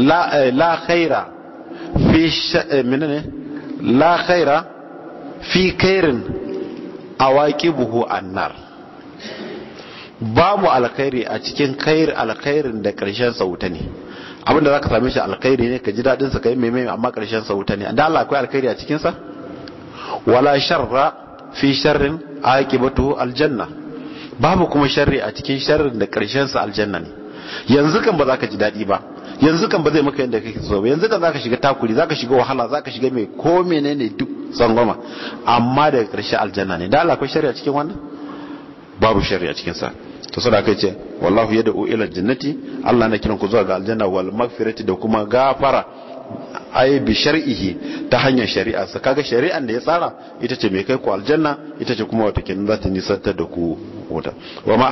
la eh, la khaira fi eh, menene la khaira fi khairin awaqibuhu annar babu alkhairi a cikin khair alkhairin da karshen sa wuta ne abinda zaka same shi alkhairi ne ka ji dadin sa kai meme amma karshen sa wuta ne dan Allah akwai alkhairi a cikin sa wala sharra fi sharrin aqibatu aljanna babu kuma sharri a cikin sharrin da karshen sa aljanna ne yanzu kan ba zaka ji dadi ba yanzu kan ba zai maka yanda kake so ba yanzu kan zaka shiga takuri zaka shiga wahala zaka shiga mai ko menene duk tsangwama amma daga karshe aljanna ne dan Allah akwai sharri a cikin wannan babu shari'a cikin sa to sada kai ce wallahu yad'u ila jannati Allah na kiran ku zuwa ga aljanna wal magfirati da kuma gafara ay bi shar'ihi ta hanyar shari'a sa kaga shari'an da ya tsara ita ce mai kai ku aljanna ita ce kuma wata kin za ta nisantar da ku wuta wa ma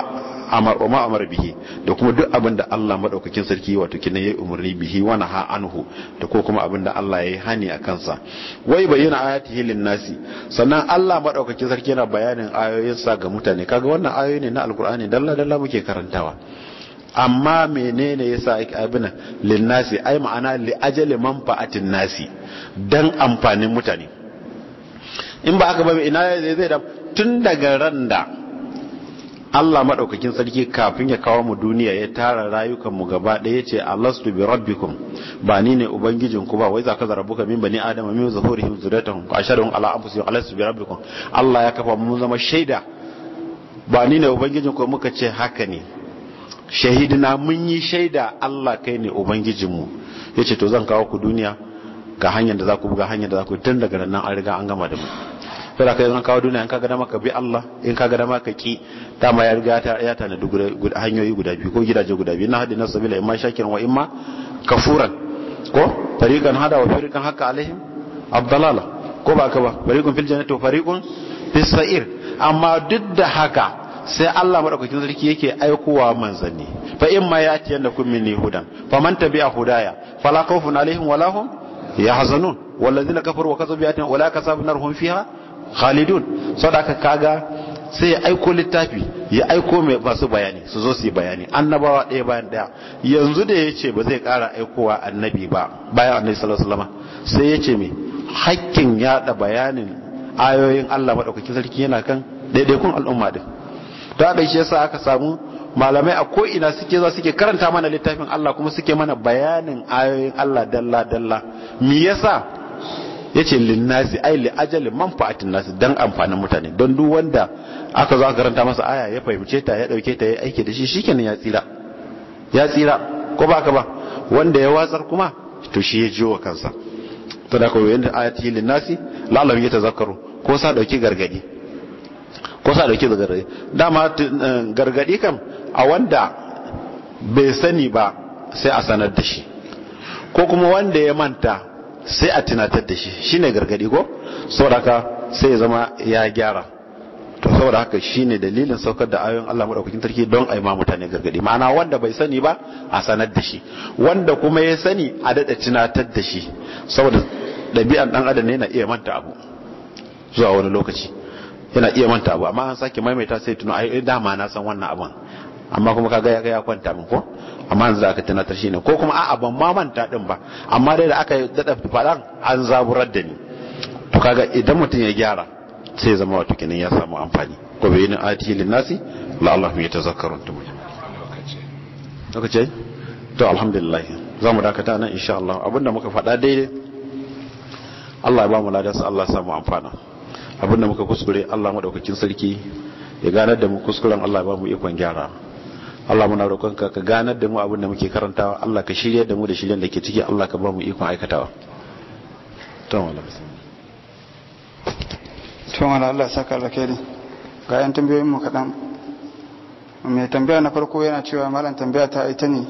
amar bihi da kuma duk abin da Allah madaukakin sarki wato kina yayi umarni bihi wani ha anhu da ko kuma abin da Allah yayi hani a kansa wai bayyana ayatihi lin nasi sannan Allah maɗaukakin sarki yana bayanin ayoyinsa ga mutane kaga wannan ayoyi ne na alkur'ani dalla dalla muke karantawa amma menene yasa ake abin lin nasi ai ma'ana li ajali manfa'atin nasi dan amfanin mutane in ba aka ba ina zai da tun daga randa Allah madaukakin sarki kafin ya kawo mu duniya ya tara rayukan mu gaba ɗaya Allah su bi rabbikum ba ni ne ubangijin ku ba wai zaka zarabuka min bani adama min zuhurihim zuratuhum ashadu ala anfusihim alastu bi rabbikum Allah ya kafa mu zama shaida ba ni ne ubangijin ku muka ce haka ne shahidina mun yi shaida Allah kai ne ubangijin mu yace to zan kawo ku duniya ga hanyar da za ku buga hanyar da za ku tun daga nan an riga an gama da mu to da ka yanzu kawo duniya in ka gada maka bi Allah in ka gada maka ki ta ma ya riga ya duk hanyoyi guda biyu ko gidaje guda biyu na hadin nasu bila imma shakiran wa imma kafuran ko fariqan hada wa fariqan haka alaihim abdalala ko ba ka ba fariqun fil jannati wa fariqun fis sa'ir amma duk da haka sai Allah madaukakin sarki yake aikowa manzanni fa in ma yati yanakum minni hudan fa man tabi'a hudaya fala khawfun alaihim wala hum yahzanun wallazina kafaru wa kazzabu bi ayatina wala kasabun narhum fiha khalidun aka kaga sai ya aiko littafi ya aiko mai masu bayani su zo su yi bayani annabawa ɗaya bayan ɗaya yanzu da ya ce ba zai ƙara aikowa annabi ba bayan annabi sallallahu alaihi wasallam sai ya ce mai hakkin yaɗa bayanin ayoyin Allah madaukakin sarki yana kan kun al'umma din to a shi yasa aka samu malamai a ko ina suke zuwa suke karanta mana littafin Allah kuma suke mana bayanin ayoyin Allah dalla dalla me yasa yace linnasi ai li ajali manfa'atin nasi dan amfanin mutane don duk wanda aka zo aka karanta masa aya ya fahimce ta ya dauke ta ya aike da shi shikenan ya tsira ya tsira ko ba ka ba wanda ya watsar kuma to shi ya jiwo kansa to da kawai yanda ayati linnasi la'allam yatazakkaru ko sa dauki gargadi ko sa dauki gargadi dama eh, gargadi kam a wanda bai sani ba sai a sanar da shi ko kuma wanda ya manta sai a tunatar da shi shine gargadi ko saboda haka sai ya zama ya gyara to saboda haka shine dalilin saukar da ayoyin Allah madaukakin tarki don a yi ma mutane gargadi ma'ana wanda bai sani ba a sanar da shi wanda kuma ya sani a daɗa tunatar da shi saboda ɗabi'an ɗan adam ne na iya manta abu zuwa wani lokaci yana iya manta abu amma an sake maimaita sai tuno ai dama na san wannan abin amma kuma ka gaya gaya ya kwanta min ko amma yanzu aka tana shi ne ko kuma a'a ban ma manta din ba amma dai da aka dada fadan an zaburar da ni to kaga idan mutum ya gyara sai zama wato kinin ya samu amfani ko bai yin atil nasi la Allah ya tazakkarun tumul lokaci to alhamdulillah za mu dakata nan insha Allah abinda muka faɗa dai. Allah ya ba mu sa Allah ya samu amfana abinda muka kuskure Allah madaukakin sarki ya ganar da mu kuskuren Allah ba mu ikon gyara Allah muna roƙonka ka ganar da mu abin da muke karantawa Allah ka shirya da mu da shiryen da ke ciki Allah ka ba mu ikon aikatawa tun Allah saka alkhairi ga yan tambayoyin mu kaɗan mai tambaya na farko yana cewa malam tambaya ta ita ne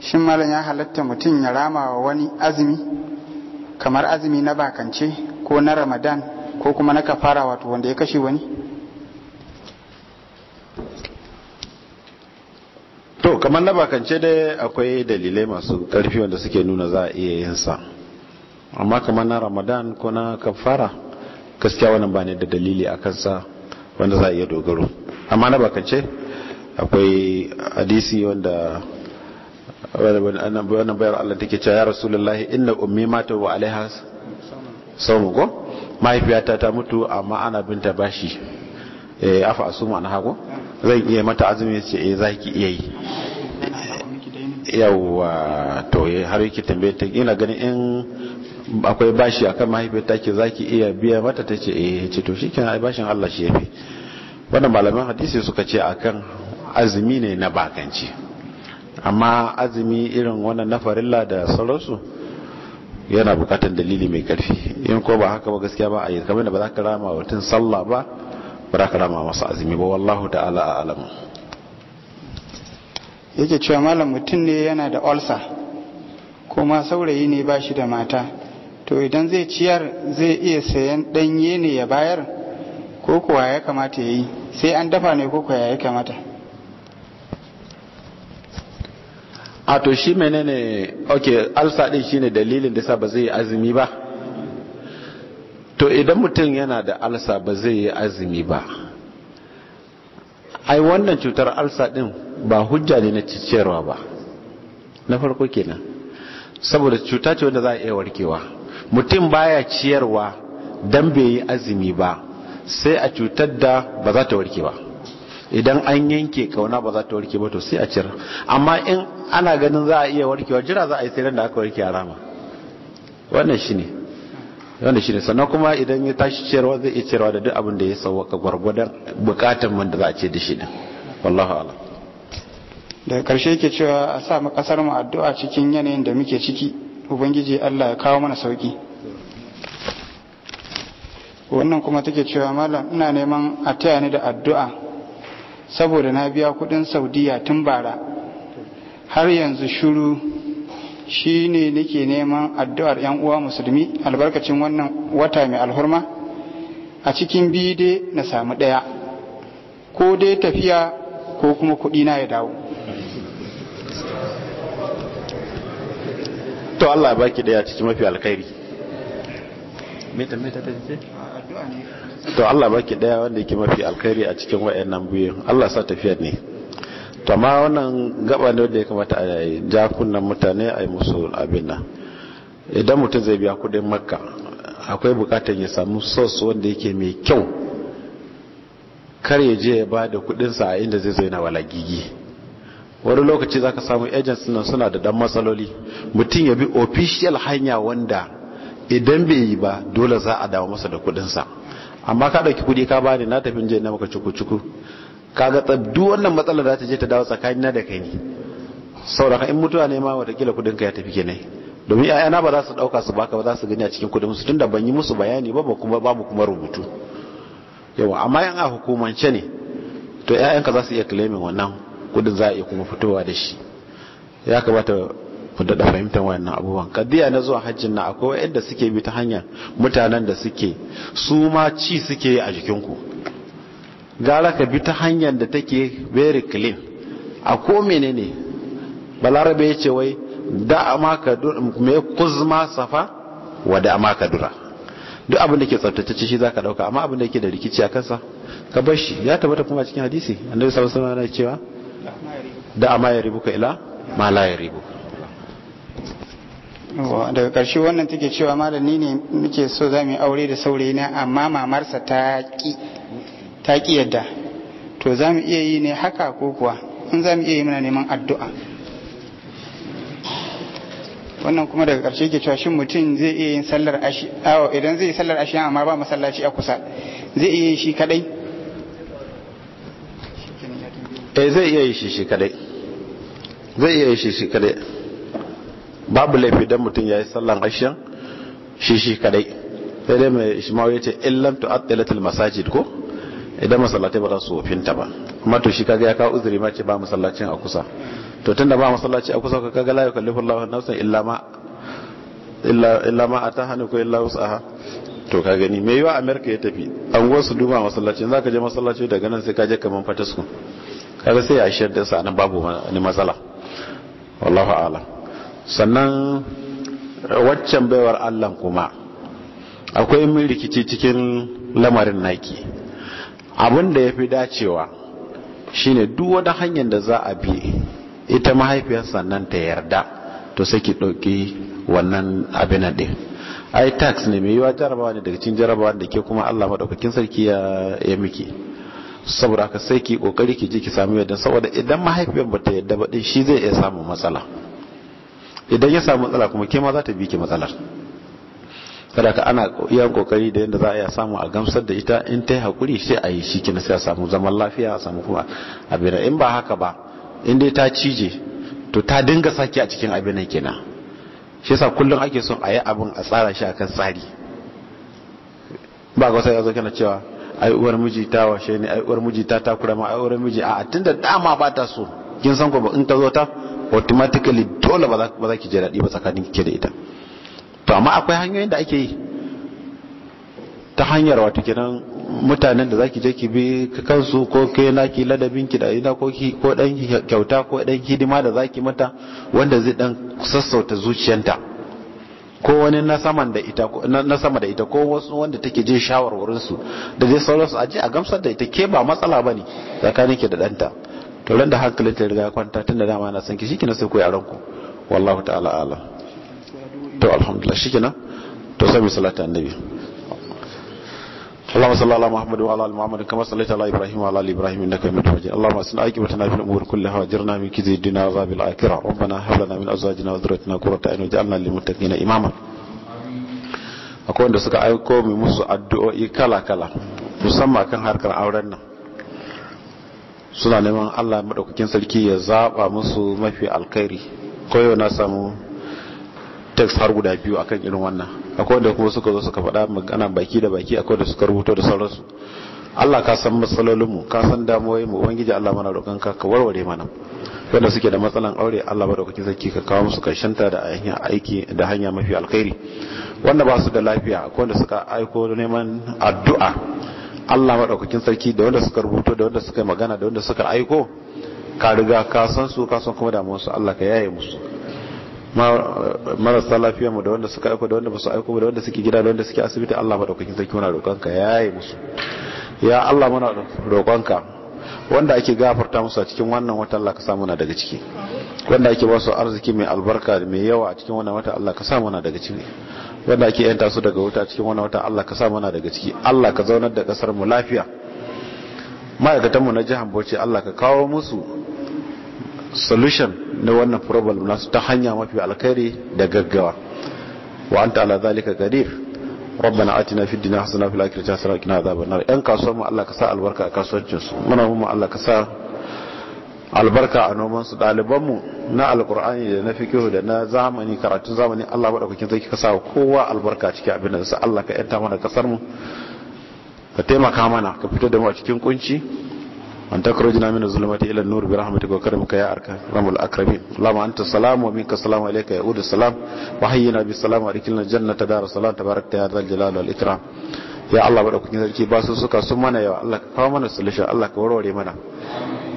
shin malam ya halatta mutum ya rama wa wani azumi kamar azumi na bakance ko na Ramadan ko kuma na kafara wato wanda ya kashe wani to kamar na bakance dai akwai dalilai masu karfi wanda suke nuna za a iya yin sa amma kamar na ramadan ko na kafara gaskiya wannan ba ne da dalili a kansa wanda za a iya dogaro amma na bakance akwai hadisi wanda wannan bayar Allah take cewa ya rasulullahi inna ummi mata wa alaiha sawmu ko mahaifiyata ta mutu amma ana binta bashi eh afa asuma na hago zan iya mata azumi ya ce eh za ki iya yi yawwa to eh, har yake tambaye ta ina ganin in akwai bashi akan mahaifiyar ta zaki za ki iya biya mata ta ce eh ce to shi kenan bashin Allah shi ya fi. wannan malaman hadisi suka ce akan azumi ne na bakanci amma azumi irin wannan na farilla da sauransu yana bukatar dalili mai karfi in ko ba haka ba gaskiya ba a yi kamar da ba za ka rama wa sallah ba barakarama masu azumi ba wallahu ta'ala a alamu yake cewa malam mutum ne yana da olsa kuma saurayi ne ba shi da mata to idan zai ciyar zai iya sayan ɗanye ne ya bayar ko kuwa ya kamata ya yi sai an dafa ne ko kuwa ya kamata a to shi menene ok alsa din shine dalilin da sa ba zai yi azumi ba to idan mutum yana da alsa ba zai yi azumi ba ai wannan cutar alsa din ba hujja ne na ciciyarwa ba na farko kenan saboda cuta ce wanda za a iya warkewa mutum baya ciyarwa dan bai yi azumi ba sai a cutar da ba za ta warke ba idan an yanke kauna ba za ta warke ba to sai a ciyar amma in ana ganin za a iya warkewa jira za a yi sai da aka warke a rama wannan shine wanda shi ne sannan kuma idan ya tashi ciyarwa zai iya ciyarwa da duk abin da ya sauwaka gwargwadon bukatan man da za a ce da shi din wallahu ala daga karshe yake cewa a sa mu kasar mu addu'a cikin yanayin da muke ciki ubangiji Allah ya kawo mana sauki wannan kuma take cewa malam ina neman a taya ni da addu'a saboda na biya kuɗin saudiya tun bara har yanzu shuru Shi ne nake neman addu'ar yan'uwa uwa musulmi albarkacin wannan wata mai alhurma a cikin biyu dai na samu ɗaya ko dai tafiya ko kuma kuɗi na ya dawo to Allah ba ki ɗaya cikin mafi alkhairi to Allah baki ɗaya wanda yake mafi alkhairi a cikin nan biyu Allah sa tafiya ne to ma wannan gaba ne da ya kamata a yi jakunan mutane a yi musu abin nan idan mutum zai biya kudin makka akwai bukatar ya samu sosu wanda yake mai kyau kar ya je ya ba da kudinsa a inda zai zai na walagigi wani lokaci za ka samu agents nan suna da dan matsaloli mutum ya bi official hanya wanda idan bai yi ba dole za a dawo masa da kudinsa amma ka ɗauki kudi ka bani na tafi je na maka cuku-cuku kaga duk wannan matsalar za ta je ta dawo tsakanina da kai ne saboda in mutuwa ne ma watakila kudin ka ya tafi kenan domin 'ya'yana ba za su dauka su baka ba za su gani a cikin kudin su tunda ban yi musu bayani ba kuma babu kuma rubutu yawa amma yan a hukumance ne to ka za su iya claiming wannan kudin za a iya kuma fitowa da shi ya kamata mu da fahimtar wannan abubuwan kadiya na zuwa hajjin na akwai wa'anda suke bi ta hanya mutanen da suke su ma ci suke a jikin ku gara ka bi ta hanyar da take very clean a ko menene balarabe ya ce wai da ma ka dura me kuzma safa wa da ma ka dura duk abin da ke tsaftace shi za ka dauka amma abin da ke da rikici a kansa ka bar shi ya tabbata kuma cikin hadisi an sallallahu sabon wasallam yana cewa da amma ya ribuka ila ma la ya ribu daga karshe wannan take cewa ni ne muke so za mu aure da saurayi na amma mamarsa ta ki ta ƙi yadda to za mu iya yi ne haka ko kuwa in za mu iya yi muna neman addu'a wannan kuma daga ƙarshe ke cewa shin mutum zai iya yin sallar ashi awa idan zai yi sallar ashi amma ba masallaci a kusa zai iya yi shi kadai eh zai iya yi shi shi kadai zai iya yi shi shi kadai babu laifi dan mutum ya yi sallar ashi shi shi kadai sai dai mai ishmawi ya ce illam tu'attilatul masajid ko idan masallatai ba za su wofinta ba amma to shi kaga ya kawo uzuri ma ce ba masallacin a kusa to tunda ba masallaci a kusa kaga la yukallifu Allahu nafsan illa ma illa illa ma ataha ko illa usaha to ka gani me yiwa America ya tafi an go su duba za zaka je masallaci daga nan sai ka je kaman fatasku kaga sai ya shiyar da sa nan babu wani matsala wallahu a'lam sannan waccan baiwar Allah kuma akwai mun rikici cikin lamarin naki abin da ya fi dacewa shine duk wani hanyar da za a bi ita mahaifiyar sannan ta yarda to sai ki ɗauki wannan abin ɗin ai tax ne mai yiwa jarabawa ne daga cikin jarabawa da ke kuma allah maɗaukakin sarki ya miki saboda ka sai ki kokari ki je ki samu yadda saboda idan mahaifiyar ba ta yadda ba din shi zai iya samun matsala idan ya samu matsala kuma ke ma za ta bi ki matsalar sadaka ana iya kokari da yadda za a iya samu a gamsar da ita in ta yi haƙuri sai a yi shi kina sai a samu zaman lafiya a samu kuma abin in ba haka ba in dai ta cije to ta dinga saki a cikin abin kina shi yasa kullum ake son a yi abin a tsara shi akan tsari ba ga wasa yanzu kana cewa ai uwar miji ta washe ne ai uwar miji ta takura ma ai miji a tun da dama ba ta so kin san ko in ta zo ta automatically dole ba za ki ji daɗi ba tsakanin ke da ita to amma akwai hanyoyin da ake yi ta hanyar wato kenan mutanen da zaki je ki bi kansu ko ke naki ladabin ki da ina ko ki kyauta ko dan hidima da za ki mata wanda zai dan sassauta zuciyanta ko wani na saman da ita sama da ita ko wasu wanda take je shawarwarin su da zai sauransu a je a gamsar da ita ke ba matsala ba ne tsakanin ki da danta to ran da hankalin ta riga kwanta tunda dama na san ki shi ki na sai ku yaran ku wallahu ta'ala a'lam to alhamdulillah shikenan to sai mu salata annabi اللهم صل على محمد وعلى ال محمد كما صليت على ابراهيم وعلى ال ابراهيم انك حميد مجيد اللهم اسنا عاقبتنا في الامور كلها واجرنا من كيد الدنيا وعذاب الاخره ربنا هب لنا من ازواجنا وذريتنا قرة اعين واجعلنا للمتقين اماما akwai wanda suka aiko mai musu addu'o'i kala-kala musamman kan harkar auren nan suna neman allah maɗaukakin sarki ya zaɓa musu mafi alkhairi koyo na samu text har guda biyu akan irin wannan akwai wanda kuma suka zo suka faɗa magana baki da baki akwai da suka rubuto da sauransu Allah ka san matsalolinmu ka san mu ubangiji Allah mana roƙon ka warware mana wanda suke da matsalan aure Allah roƙon sarki ka kawo musu ta da hanya aiki da hanya mafi alkhairi wanda ba su da lafiya akwai wanda suka aiko neman addu'a Allah madaukakin sarki da wanda suka rubuto da wanda suka magana da wanda suka aiko ka riga ka san su ka san kuma damuwarsu Allah ka yaye musu marasa lafiya mu da wanda suka aiko da wanda ba su aiko da wanda suke gida da wanda suke asibiti Allah madaukakin sarki muna roƙonka yayi musu ya Allah muna roƙonka wanda ake gafarta musu a cikin wannan wata Allah ka sa muna daga ciki wanda ake ba su arziki mai albarka mai yawa a cikin wannan wata Allah ka sa muna daga ciki wanda ake yanta su daga wuta cikin wannan wata Allah ka sa muna daga ciki Allah ka zaunar da kasar mu lafiya ma'aikatan mu na jihar Bauchi Allah ka kawo musu solution na wannan problem nasu ta hanya mafi alkhairi da gaggawa wa anta ala zalika qadir rabbana atina fid dunya hasana wa fil akhirati hasana wa qina adhaban yan kasuwar mu Allah ka sa albarka a kasuwancinsu mana muna mu Allah ka sa albarka a noman su daliban mu na alkur'ani da na fiqh da na zamani karatun zamani Allah madaukakin zai ka sa kowa albarka cikin abin da su Allah ka yanta mana kasar mu ka taimaka mana ka fito da mu a cikin kunci وأن تخرجنا من الظلمات إلى النور برحمتك وكرمك يا أكرم الأكرمين اللهم أنت السلام ومنك السلام إليك يا أود السلام وحينا بالسلام وأدخلنا الجنة دار السلام تبارك يا ذا الجلال والإكرام ya Allah madaukakin sarki ba su suka sun mana yawa Allah ka kawo mana Allah ka warware mana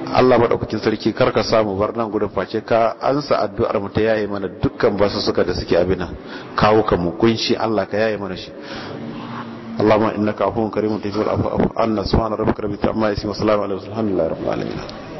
Allah sarki kar ka samu bar nan gudun face ka ansa addu'ar mu ta yaye mana dukkan basu suka da suke abina kawo ka mu kunshi Allah ka yaye mana shi اللهم إنك عفو كريم تجيب العفو عنا سبحان ربك رب العزة عما يصفون وسلام على الحمد لله رب العالمين